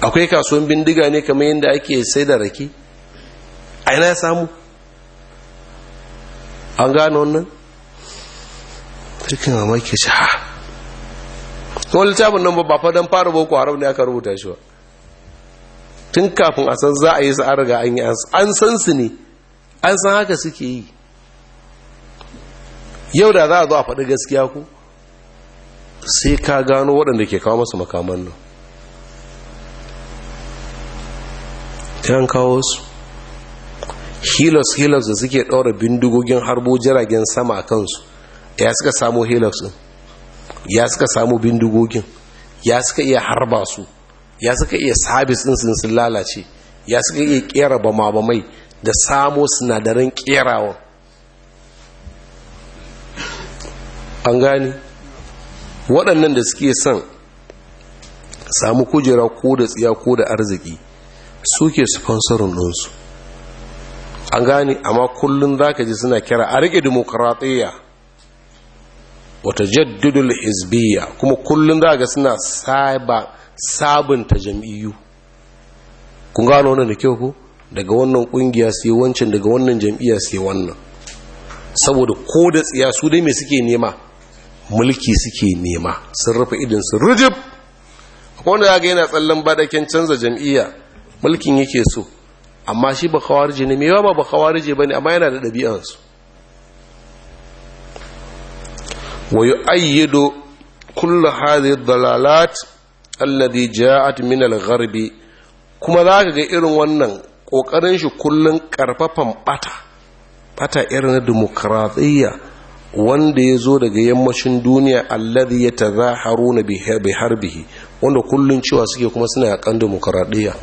akwai kasuwan bindiga ne kamar yadda ake sai da rake a ina ya samu an gano wannan cikin ke shi ha kuma littafin nan ba fa don fara boko haram ne aka rubuta shi ba tun kafin a san za a yi sa'ar ga an yi an san su ne an san haka suke yi yau da za a zo a faɗi gaskiya ku sai ka gano waɗanda ke kawo masu makaman nan an kawo su hilos hilos da suke ɗaura bindigogin harbo jiragen sama a kansu ya suka samu hilos ɗin ya suka samu bindigogin ya suka iya harba su ya suka iya sabis ɗin sun sun lalace ya suka iya ƙera bama mai da samo sinadaran kerawa. an gani waɗannan da suke son samu kujera ko da tsiya ko da arziki suke sponsorin ɗinsu an gane amma kullum za ka ji suna kira a rike dimokuraɗiyya wata jaddudul hizbiyya kuma kullum za ga suna sabunta jam'iyyu kun gano wannan da kyau ku daga wannan kungiya yi wancan daga wannan jam'iyya yi wannan saboda ko da tsiya su dai mai suke nema mulki suke nema sun rufe idinsu rijib rujib akwai wanda ga yana tsallan badaken canza jam'iyya mulkin yake so amma shi ba kawarji ne mewa ba ba kawarji ba ne amma yana da ɗabi'ansu wa yi ayyido kullu da dalalat alladi ja'at min al-gharbi kuma za ka ga irin wannan ƙoƙarin shi kullum ƙarfafan ɓata ɓata irin na demokratiyya wanda ya zo daga yammacin duniya alladi ya ta za haruna bi harbihi wanda kullum cewa suke kuma suna yakan demokratiyya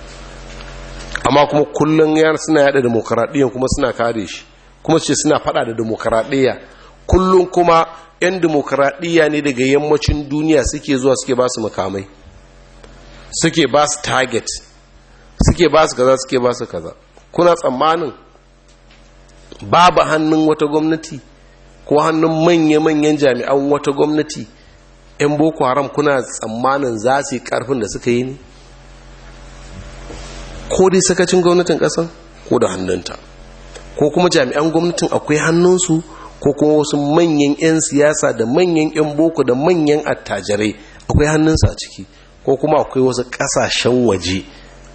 amma kuma kullum yana suna yada demokaradiyya kuma suna kare shi kuma ce suna fada da demokaradiyya kullum kuma yan demokaradiyya ne daga yammacin duniya suke zuwa suke ba su makamai suke ba su target suke ba su kaza suke ba su kaza kuna tsammanin babu hannun wata gwamnati ko hannun manya-manyan jami'an wata gwamnati 'yan boko haram kuna tsammanin za su yi karfin da suka yi ne ko dai sakacin gwamnatin ƙasan ko da hannunta ko kuma jami'an gwamnatin akwai hannunsu ko kuma wasu manyan 'yan siyasa da manyan 'yan boko da manyan attajirai akwai hannunsa a ciki ko kuma akwai wasu ƙasashen waje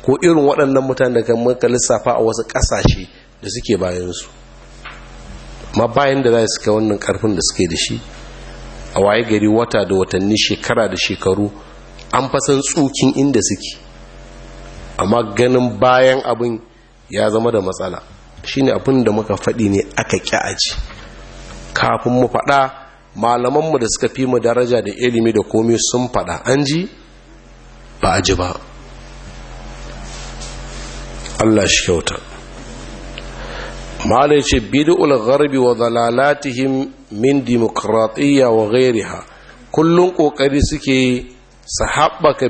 ko irin waɗannan mutane daga maka lissafa a wasu ƙasashe da suke bayansu ma bayan da za su kai wannan ƙarfin da suke da shi a waye gari wata da watanni shekara da shekaru an fasan tsukin inda suke amma ganin bayan abin ya zama da matsala shine abin da muka faɗi ne aka ƙi aji kafin mu faɗa malamanmu da suka fi mu daraja da ilimi da komi sun faɗa an ji ba a ji ba Allah shi kyauta malai ce bid'ul gharbi wa dalalatihim min dimokratiyya wa ghairiha kullum kokari suke su haɓaka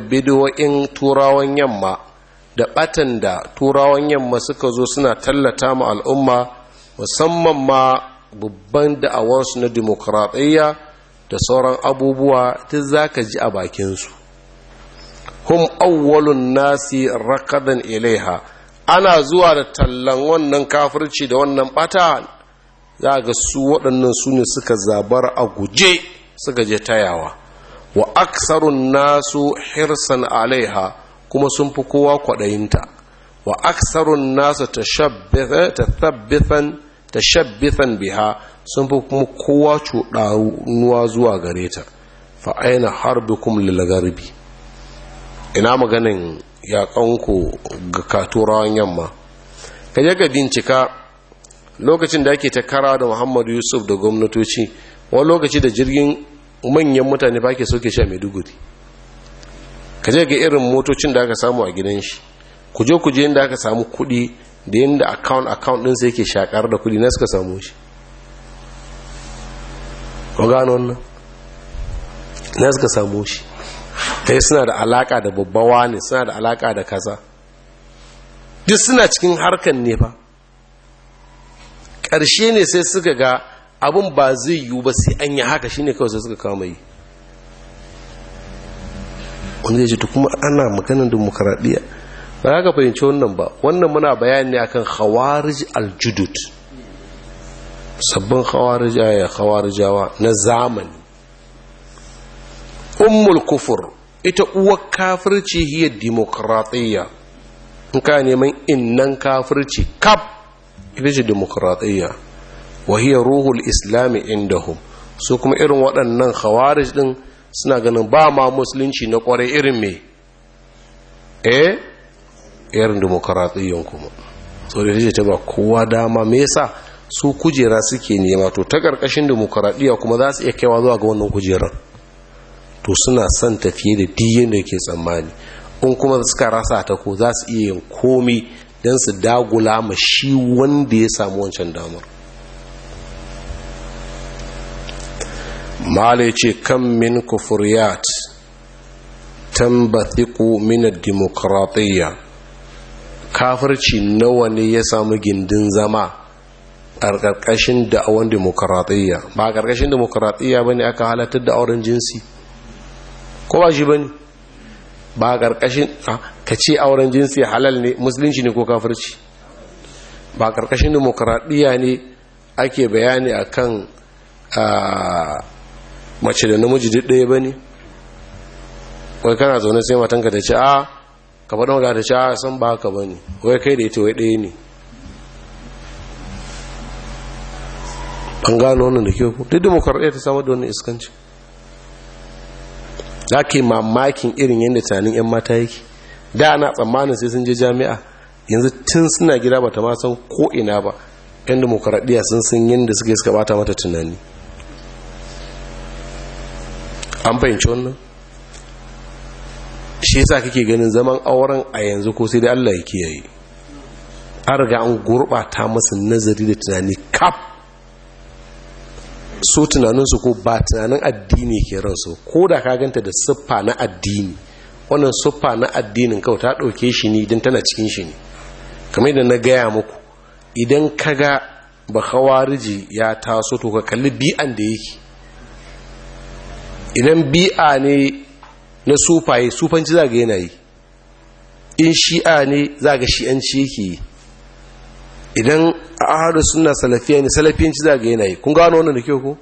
in turawan yamma da ɓatan da turawan yamma suka zo suna tallata ma al'umma musamman ma babban da'awansu na demokuraɗiyya da sauran abubuwa ta zaka ji a bakinsu hum awwalun nasi rakadan ilaiha ana zuwa da tallan wannan kafirci da wannan bata za ga su waɗannan su ne suka zabar a guje suka je tayawa wa aksarun nasu hirsan alaiha kuma sun fi kowa kwaɗayinta wa aksarun nasa tashabbithan biha sun fi kuma kowa cuɗanuwa zuwa gare ta fa'aina kuma lilgarbi ina maganin yaƙanku ga katurawan yamma ka ga ka bincika lokacin da ake ta kara da Muhammadu yusuf da gwamnatoci wani lokaci da jirgin manyan mutane ba ke soke sha maiduguri ka je ga irin motocin da aka samu a gidan shi ku je ku je inda aka samu kuɗi da yadda account account sai yake shakar da kuɗi na suka samu shi Ko gano wannan na suka samu shi kai suna da alaka da babbawa ne suna da alaka da kaza duk suna cikin harkan ne ba ƙarshe ne sai suka ga abin ba zai yiwu ba sai an yi haka shine kawai sai suka kama yi wanda zai jita kuma ana maganar demokaradiyya ba ka fahimci wannan ba wannan muna bayani ne akan khawarij aljudud sabbin khawarijaya khawarijawa na zamani ummul kufur ita uwar kafirci hiya demokratiyya in ka neman innan kafirci kaf ita ce demokratiyya wa ruhul islami indahum su kuma irin waɗannan khawarij din suna ganin ba ma musulunci na kwarai irin mai eh irin demokaratiyyan kuma so da ta ba kowa dama me yasa su kujera suke nema to ta karkashin demokaratiyya kuma za su iya kaiwa zuwa ga wannan kujerar to suna son tafiye da diyin da ke tsammani in kuma suka rasa ta ko za su iya yin komi don su dagula ma shi wanda ya samu wancan damar malai ce kan min kufuriyat tambathiqu min ad-demokratiyya kafirci nawa ne ya samu gindin zama a karkashin da'awar demokratiyya ba a ƙarƙashin demokratiyya ba ne aka halatar da auren jinsi ko ba shi ba ne ba a ka ce auren jinsi halal ne musulunci ne ko kafirci ba a ƙarƙashin demokratiyya ne ake bayani a kan mace da namiji duk ɗaya ba ne wai kana zaune sai matanka ta ce a ka faɗin wadda ta ce a san ba haka ba ne wai kai da ita wai ɗaya ne an gano wannan da ke ku duk demokaradiyya ta samar da wannan iskanci za ka yi mamakin irin yadda tunanin 'yan mata yake da ana tsammanin sai sun je jami'a yanzu tun suna gida ba ta ma san ko'ina ba 'yan demokaradiyya sun san yadda suke suka bata mata tunani an fahimci wannan shi yasa kake ganin zaman auren a yanzu ko sai dai Allah ya kiyaye an riga an gurɓata masa nazari da tunani kaf so tunaninsu ko ba tunanin addini ke ransu ko da ka ganta da siffa na addini wannan siffa na addinin kawai ta ɗauke shi ne idan tana cikin shi ne kamar yadda na gaya muku idan ka ga ba ya taso to ka kalli bi'an da yake idan bi'a ne na sufaye sufanci za ga yanayi in shi'a ne za ga shi'anci yake yi idan ahadu suna salafiya ne salafiyanci za ga yanayi kun gano wannan da kyau ko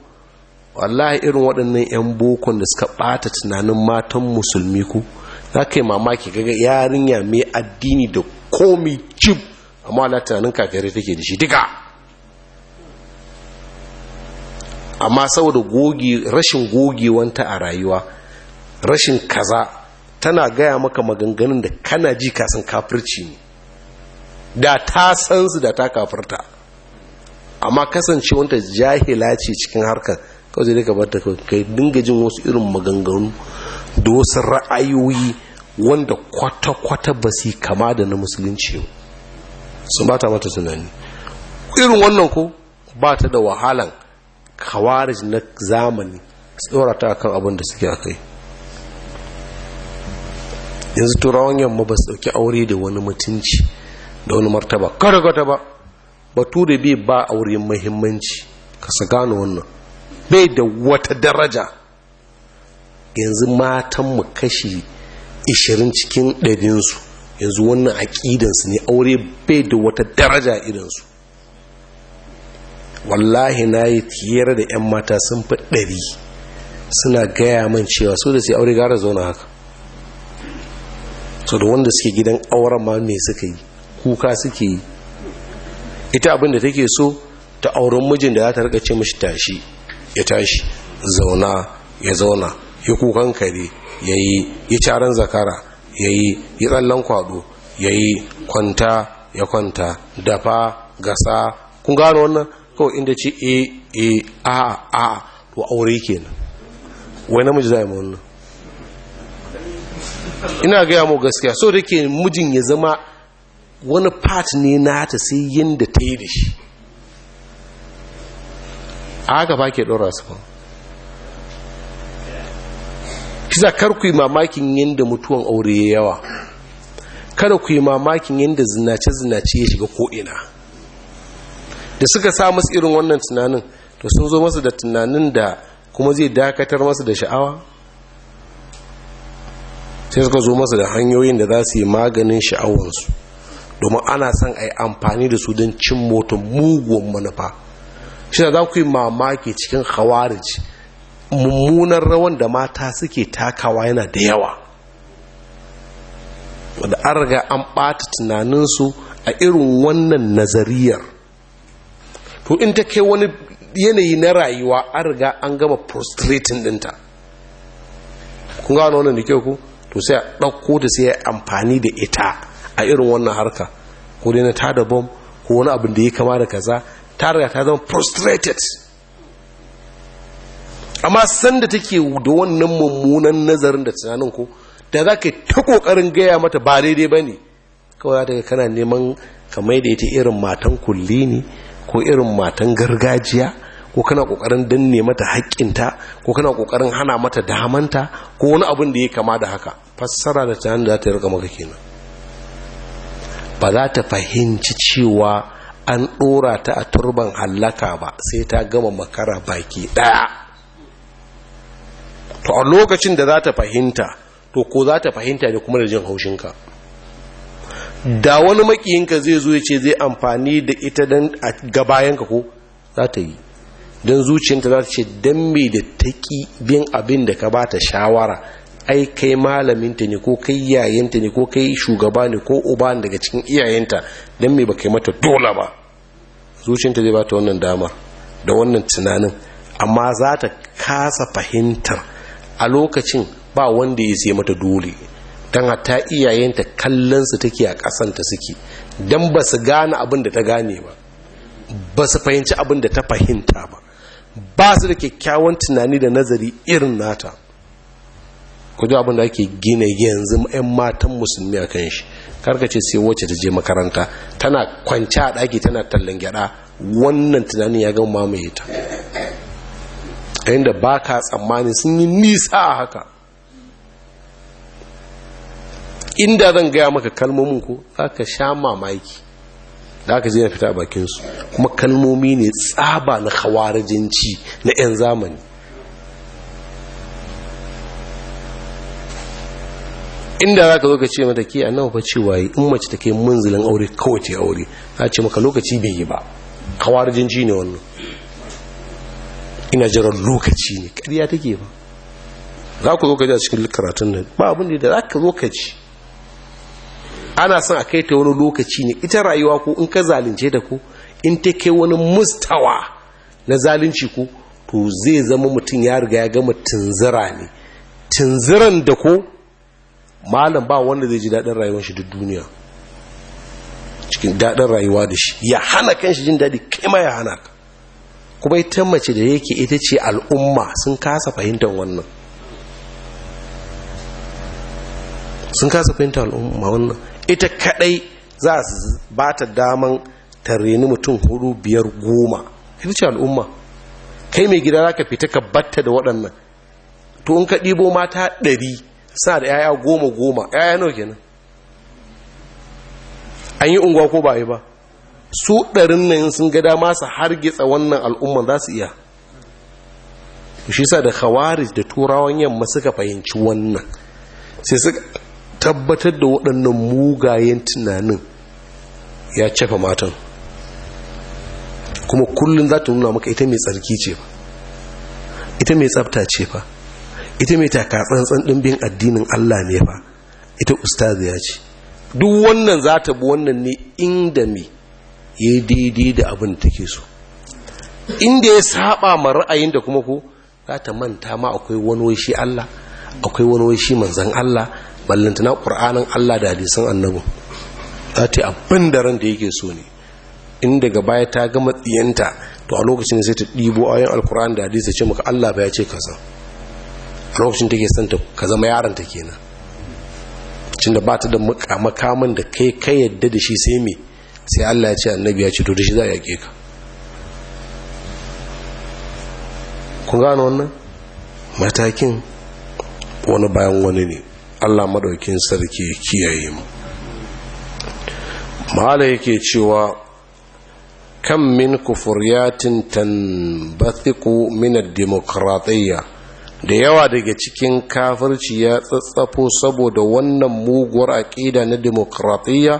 wallahi irin waɗannan 'yan bokon da suka ɓata tunanin matan musulmi ku? za ka yi mamaki gaga yarinya mai addini da komi cib amma ala tunanin kafirai take da shi duka amma saboda gogi rashin gogewanta a rayuwa rashin kaza tana gaya maka maganganun da kana ji kasan kafirci ne da ta san su da ta kafirta amma wanta jahila ce cikin harkar kawai zai daga bata kai dinga jin wasu irin maganganu da wasu ra'ayoyi wanda kwata-kwata ba su kama da na musulunci su bata mata tunani irin wannan ko ba ta da wahalan khawarij na zamani su ɗora ta kan abin da suke kai yanzu turawan yamma ba su ɗauki aure da wani mutunci da wani martaba karkata ba batu da bai ba aure mahimmanci ka su gano wannan bai da wata daraja yanzu matanmu kashi 20 cikin ɗabinsu yanzu wannan aƙidansu ne aure bai da wata daraja irinsu wallahi na yi tiyar da 'yan mata sun fi ɗari suna gaya man cewa su da sai aure gara zauna haka so da wanda suke gidan auren ma mai suka yi kuka suke yi ita abinda take so ta auren mijin da za ta rika ce mashi tashi ya tashi zauna ya zauna ya kukan kare ya yi ya caren zakara ya yi ya tsallon kwado ya yi kwanta ya kwanta dafa gasa kun gano wannan kawai inda ce a eh, a eh, a a to aure kenan wai namiji zai mu ina gaya mu gaskiya so da ke mijin ya zama wani part ne na ta sai yadda ta yi da shi a haka ba ke ɗora su kisa kar ku yi mamakin yadda mutuwan aure ya yawa kada ku yi mamakin yadda zinace-zinace ya shiga ko'ina da suka sa musu irin wannan tunanin to sun zo masu da tunanin da kuma zai dakatar masu da sha'awa sai suka zo masu da hanyoyin da za su yi maganin sha'awansu domin ana son a yi amfani da su don cin motar muguwar manufa shi za ku yi mamaki cikin hawarij mummunan rawan da mata suke takawa yana da yawa da an riga an ɓata tunaninsu a irin wannan nazariyar to in ta kai wani yanayi na rayuwa an riga an gama prostrating dinta kun gano wannan da kyau ku to sai a ɗauko da sai amfani da ita a irin wannan harka ko dai na tada bom ko wani abin da ya kama da kaza ta riga ta zama prostrated amma sanda take da wannan mummunan nazarin da tunanin ko da za ka ta ƙoƙarin gaya mata ba daidai ba ne kawai za ta ga kana neman mai da ita irin matan kulli ne ko irin matan gargajiya ko kana kokarin danne mata haƙƙinta ko kana kokarin hana mata damanta ko wani abin da ya kama da haka fassara da tunanin da za ta yi maka kenan ba za ta fahimci cewa an ɗora ta a turban hallaka ba sai ta gama makara baki ɗaya to a lokacin da za ta fahimta to ko za ta fahimta ne kuma da jin haushinka da wani makiyinka zai zo ya ce zai amfani da ita don a gabayanka ko za ta yi don zuciyarta za ta ce don mai da taƙi bin abin da ka ba ta shawara ai kai malaminta ne ko kai yayanta ne ko kai shugaba ne ko uba daga cikin iyayenta don mai ba kai mata dole ba zuciyarta zai ba ta wannan dama da wannan tunanin amma za ta kasa fahimtar a lokacin ba wanda ya sai mata dole don hata iyayenta kallonsu take a ta suke don ba su gane abin da ta gane ba ba su fahimci abin da ta fahimta ba ba su da kyakkyawan tunani da nazari irin nata ji abin da ake gina yanzu 'yan matan musulmi a kan shi ce sai wacce ta je makaranta tana kwanci a ɗaki tana tallan gyada wannan tunanin ya gama mamaye ta inda ba ka tsammani sun yi nisa a haka inda zan gaya maka kalmomin ko za ka sha mamaki da aka zina fita a bakinsu kuma kalmomi ne tsaba na hawarajinci na 'yan zamani inda za ka zo ka ce mata ke a nawa cewa yi in mace ta ke munzulin aure kawai ta aure za ce maka lokaci bai yi ba hawarajinci ne wannan ina jiran lokaci ne ƙarya take ba za ku zo ka ji a cikin karatun nan ba abin da za ka zo ka ci ana son a kai ta wani lokaci ne ita rayuwa ko in ka zalunce da ku in ta kai wani mustawa na zalunci ku to zai zama mutum ya riga ya gama tunzira ne tunziran da ku malam ba wanda zai ji daɗin rayuwar shi duk duniya cikin daɗin rayuwa da shi ya hana kan shi jin daɗi kai ma ya hana ka kuma ita mace da yake ita ce al'umma sun kasa fahimtar wannan sun kasa fahimtar al'umma wannan ita kadai za su ba ta daman tare ni mutum hudu biyar goma ita ce al'umma kai mai gida za ka fita ka batta da waɗannan to in ka ɗibo mata ɗari sa da 'ya'ya goma goma 'ya'ya nawa kenan an yi unguwa ko ba yi ba su ɗarin nan sun ga dama su hargitsa wannan al'umman za su iya shi sa da khawarij da turawan yamma suka fahimci wannan sai suka tabbatar da waɗannan mugayen tunanin ya cefa matan kuma kullum za ta nuna maka ita mai tsarki ce ba ita mai tsafta ce fa ita mai takatsantsan ɗimbin addinin Allah ne fa ita ya ce duk wannan za ta bi wannan ne inda mai ya daidai da abin da take so inda ya saba ma ra'ayin da kuma ko za ta manta ma akwai wani wai shi Allah akwai wani wai shi manzan Allah ballantana ƙur'anin Allah da hadisan annabi za ta yi abin da ran da yake so ne in daga baya ta gama tsiyanta to a lokacin sai ta ɗibo ayon alkur'an da hadisa ce maka Allah ba ya ce kaza a lokacin take son ta ka zama yaron ta kenan cin da ba ta da makaman da kai kai yadda da shi sai me sai Allah ya ce annabi ya ce to da shi za a yake ka kun gano wannan matakin wani bayan wani ne Allah madaukin sarki kiyaye mu Malam yake cewa kan min kufuriyatin tanbathiqu min ad-demokratiyya da yawa daga cikin kafirci ya tsatsafo saboda wannan muguwar aqida na demokratiyya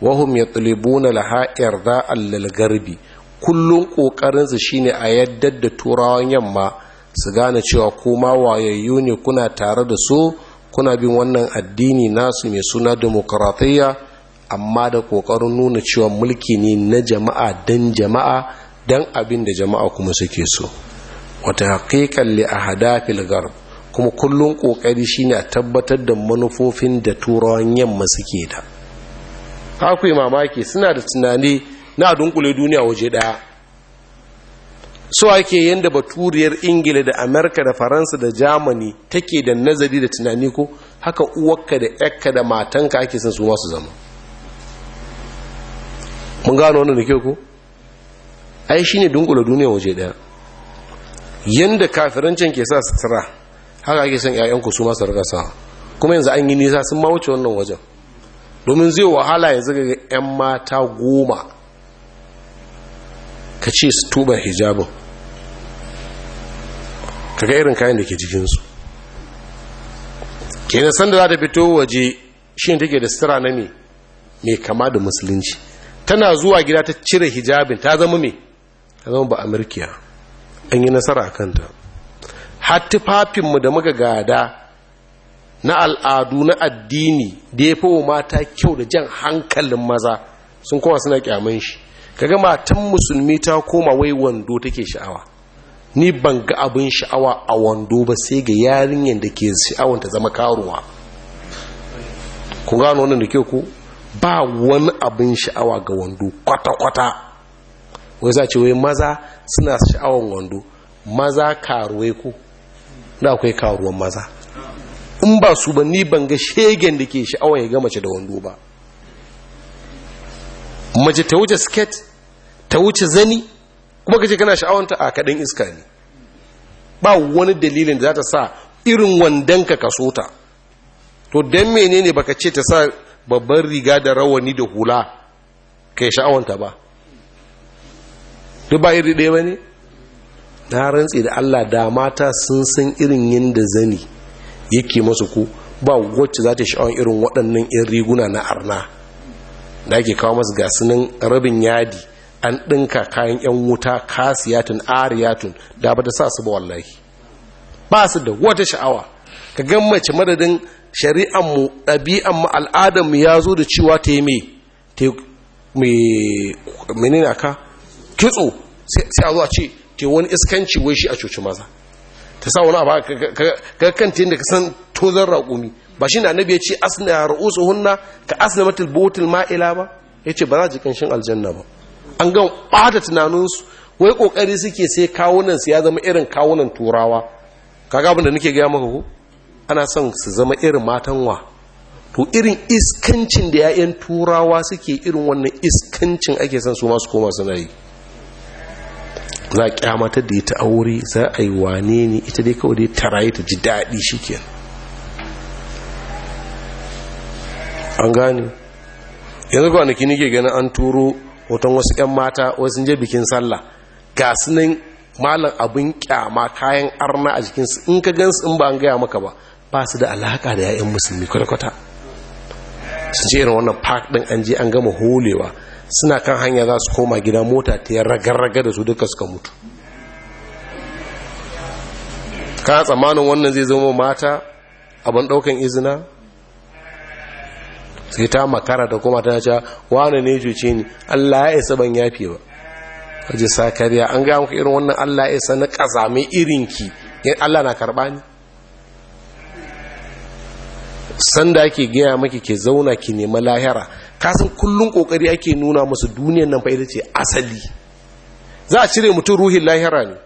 wahum yatlibuna al-ha'ir irda'an lil garbi kullun kokarin su shine a yaddar da turawan yamma su gane cewa kuma wayayyu ne kuna tare da su kuna bin wannan addini nasu mai suna demokaratiyya amma da kokarin nuna cewa mulki ne na jama'a don jama'a don abin da jama'a kuma suke so wata haƙiƙan a ahadafil gharb kuma ƙoƙari shi ne a tabbatar da manufofin da turawan yamma suke da yi mamaki suna da tunani na dunkule duniya waje ɗaya so ake yadda baturiyar ingila da amerika da faransa da germany take da nazari da tunani ko haka uwakka da yakka da matanka ake son su masu zama mun gano wannan da kyau ko ai shine dunkula duniya waje daya yanda kafirancin ke sa sutura haka ake son ƴaƴanku su masu rika sa kuma yanzu an yi nisa sun ma wuce wannan wajen domin zai wahala ya zaga ga 'yan mata goma ka ce su tuba hijabin kaga irin kayan da ke jikinsu kenan sanda za ta fito waje shi ne take da sira na me mai kama da musulunci tana zuwa gida ta cire hijabin ta zama mai. ta zama ba amurkiya an yi nasara a kanta har fafinmu da muka gada na al'adu na addini da ya wa mata kyau da jan hankalin maza sun kowa suna kyaman shi kaga matan musulmi ta koma wai wando take sha'awa ni ban ga abin sha'awa a wando ba sai ga yarinyar da ke sha'awar ta zama karuwa ku gano wannan da ke ku ba wani abin sha'awa ga wando kwata-kwata wai za ce wai maza suna sha'awar wando maza karuwai ku da akwai karuwan maza in ba su ba ni ban ga shegen da ke sha'awar ya ga mace da wando ba mace ta wuce sket ta wuce zani kuma kace kana sha'awanta a kaɗan iska ne ba wani dalilin da za ta sa irin wandanka ka so ta to don menene baka ce ta sa babban riga da rawani da hula kai sha'awanta ba duk ba iri ɗaya ba ne na rantsi da allah da mata sun san irin yadda zani yake masu ko ba wacce za ta sha'awan irin waɗannan 'yan riguna na arna da ake kawo masu gasunan rabin yadi an ɗinka kayan 'yan wuta kasiyatun ariyatun da ba ta sa su ba wallahi ba su da wata sha'awa ka gan mace madadin shari'anmu ɗabi'anmu al'adarmu ya zo da cewa ta yi mai menina ka kitso sai a zuwa ce ta wani iskanci wai shi a coci maza ta sa wani abu ka kanta yadda ka san tozon raƙumi ba shi na nabi ya ce ya ra'usu hunna ka asina matil botul ma'ila ba ya ce ba za a ji kanshin aljanna ba an gan ɓata tunaninsu wai ƙoƙari suke sai kawunan su ya zama irin kawunan turawa kaga abin da nake gaya maka ko. ana son su zama irin matan to irin iskancin da 'ya'yan turawa suke irin wannan iskancin ake son su masu koma suna yi za a kyamata da ita aure za a yi wane ne ita dai kawai dai ta rayu ta ji daɗi shi an gane yanzu kwanaki nike ganin an turo hoton wasu 'yan mata wasu je bikin sallah ga sunan malam abin kyama kayan arna a jikinsu in ka gansu in ba an gaya maka ba ba su da alaka da 'ya'yan musulmi kwata-kwata su je irin wannan park ɗin an je an gama holewa suna kan hanya za su koma gida mota ta yin ragarraga da su duka suka mutu ka tsamanin wannan zai zama mata abin daukan izina sai ta makara da kuma ta ce wani ne cuce ni Allah ya isa ban fi ba kaje sakariya an ga muku irin wannan Allah ya isa na kazame irin ki Allah na karba ni sanda ake gaya maki ke zauna ki nema lahira kasan kullun kokari ake nuna musu duniyan nan fa ita ce asali za a cire mutum ruhin lahira ne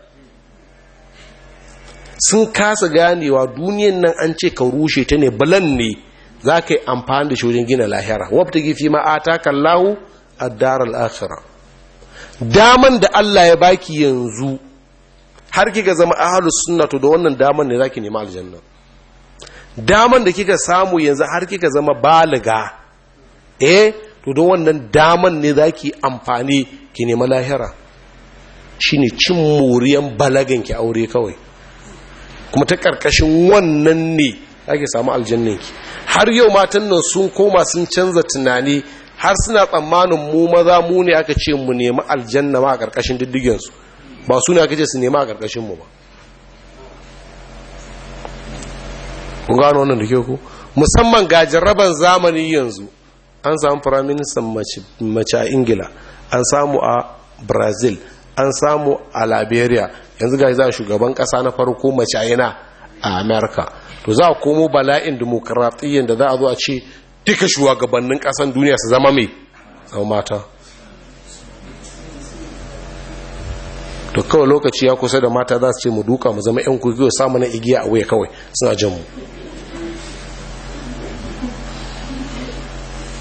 sun kasa ganewa duniyan nan an ce ka rushe ta ne balan ne za ka yi amfani da shi gina lahira wabta gifi ma a takan a darar akhira daman da Allah ya baki yanzu har kika zama ahalus sunna to da wannan daman ne za ki nema aljanna daman da kika samu yanzu har kika zama baliga eh to da wannan daman ne za ki amfani ki nema lahira shine cin moriyan balagan ki aure kawai kuma ta ƙarƙashin wannan ne ake samu samu aljannanki har yau matan nan sun koma sun canza tunani har suna tsammanin mu maza mu ne aka ce mu nemi aljanna ma a ƙarƙashin su ba su ne aka ce su nemi a ƙarƙashin mu ba gano wannan da ke ku musamman ga jarraban zamani yanzu an samu firaministan mace a ingila an samu a brazil an samu a liberia yanzu ga za shugaban kasa na farko mace a yana a america to za a komo bala'in demokratiyyar da za a zo a ce duka shugabannin kasan duniya su zama mai zama mata to kawai lokaci ya kusa da mata za su ce mu duka mu zama 'yan kogiyo samu na igiya a waya kawai suna jan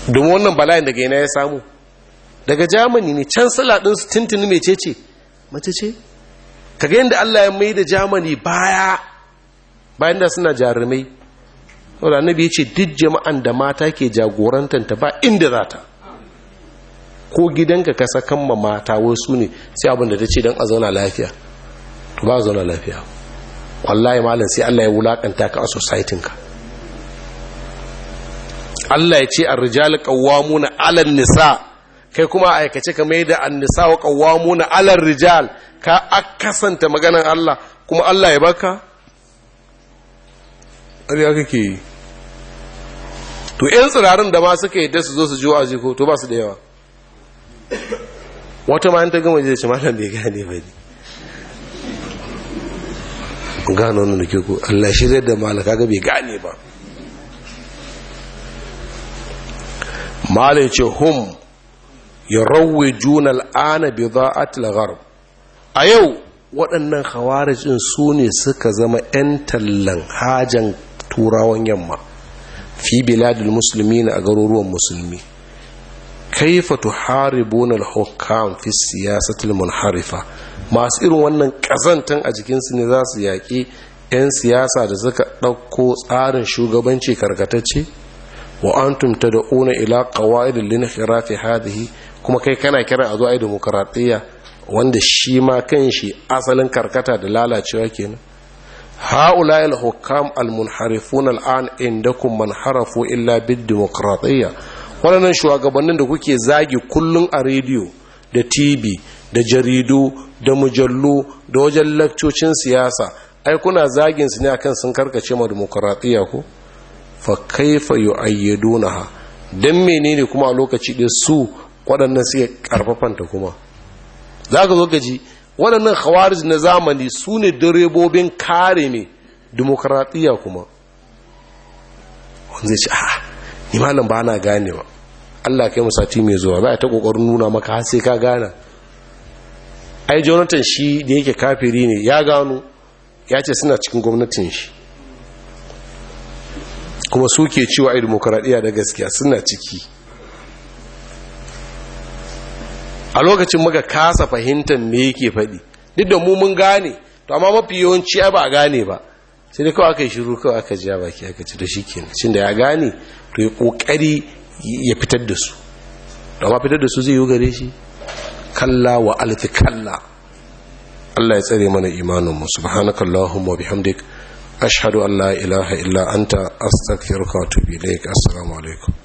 domin wannan bala'in daga yana ya samu daga jamani ne cansala su tintini mai ce mace ce yadda allah ya mai da jamani baya bayan da suna jarumai saboda annabi ya ce duk jama'an da mata ke jagorantanta ba inda za ta ko gidanka ka sakan ma mata wasu ne sai abin da ta ce don a zauna lafiya to ba a zauna lafiya wallahi malam sai Allah ya wulakanta ka a societin ka Allah ya ce ar-rijalu qawwamuna 'alan nisa kai kuma aikace ka mai da an-nisa wa qawwamuna 'alan rijal ka akasanta maganar Allah kuma Allah ya baka ya kake yi to 'yan tsirarin da ma suka yi da su zo su ji wa'azi ko to ba su da yawa wata ma ta gama zai ce malam bai gane ba ne gano wannan da ke ku Allah shirya da malaka ga bai gane ba malin ce hum ya rawwe juna al'ana bi a gharb a yau waɗannan khawarijin su ne suka zama 'yan tallan hajan turawan yamma fi biladul musulmi na a garuruwan musulmi kaifa tuharibuna al-hukam fi siyasatil munharifa masu irin wannan kazantan a jikinsu ne za su yaƙi 'yan siyasa da suka ɗauko tsarin shugabanci karkatacce wa an tumta da una ila qawaid al-inhiraf hadihi kuma kai kana kira a zuwa ai demokratiya wanda shi ma kan shi asalin karkata da lalacewa kenan هؤلاء الحكام المنحرفون الآن عندكم من illa إلا بالديمقراطية waɗannan shugabannin da kuke zagi kullum a rediyo da tv da jaridu da mujallu da wajen lakcocin siyasa ai kuna zagin su ne akan sun karkace ma demokuraɗiyya ko fa kaifa yu'ayyidunaha dan menene kuma a lokaci da su waɗannan suke karfafanta kuma zaka zo gaji ji waɗannan khawarij na zamani su ne direbobin kare mai demokratiya kuma wanda ce a imanin ba na ganewa Allah kai musati mai zuwa za a ta kokarin nuna maka har sai ka gana ai jonathan shi da yake kafiri ne ya gano ya ce suna cikin gwamnatin shi kuma suke cewa ai demokradiya da gaskiya suna ciki a lokacin muka kasa fahimtar me yake faɗi duk da mu mun gane to amma mafi yawanci ba a gane ba sai dai kawai aka yi shiru kawai aka ji baki aka ci da shi shin da ya gane to ya kokari ya fitar da su to amma fitar da su zai yi gare shi kalla wa alfi kalla Allah ya tsare mana imanin mu subhanakallahumma wa bihamdik ashhadu an la ilaha illa anta astaghfiruka wa atubu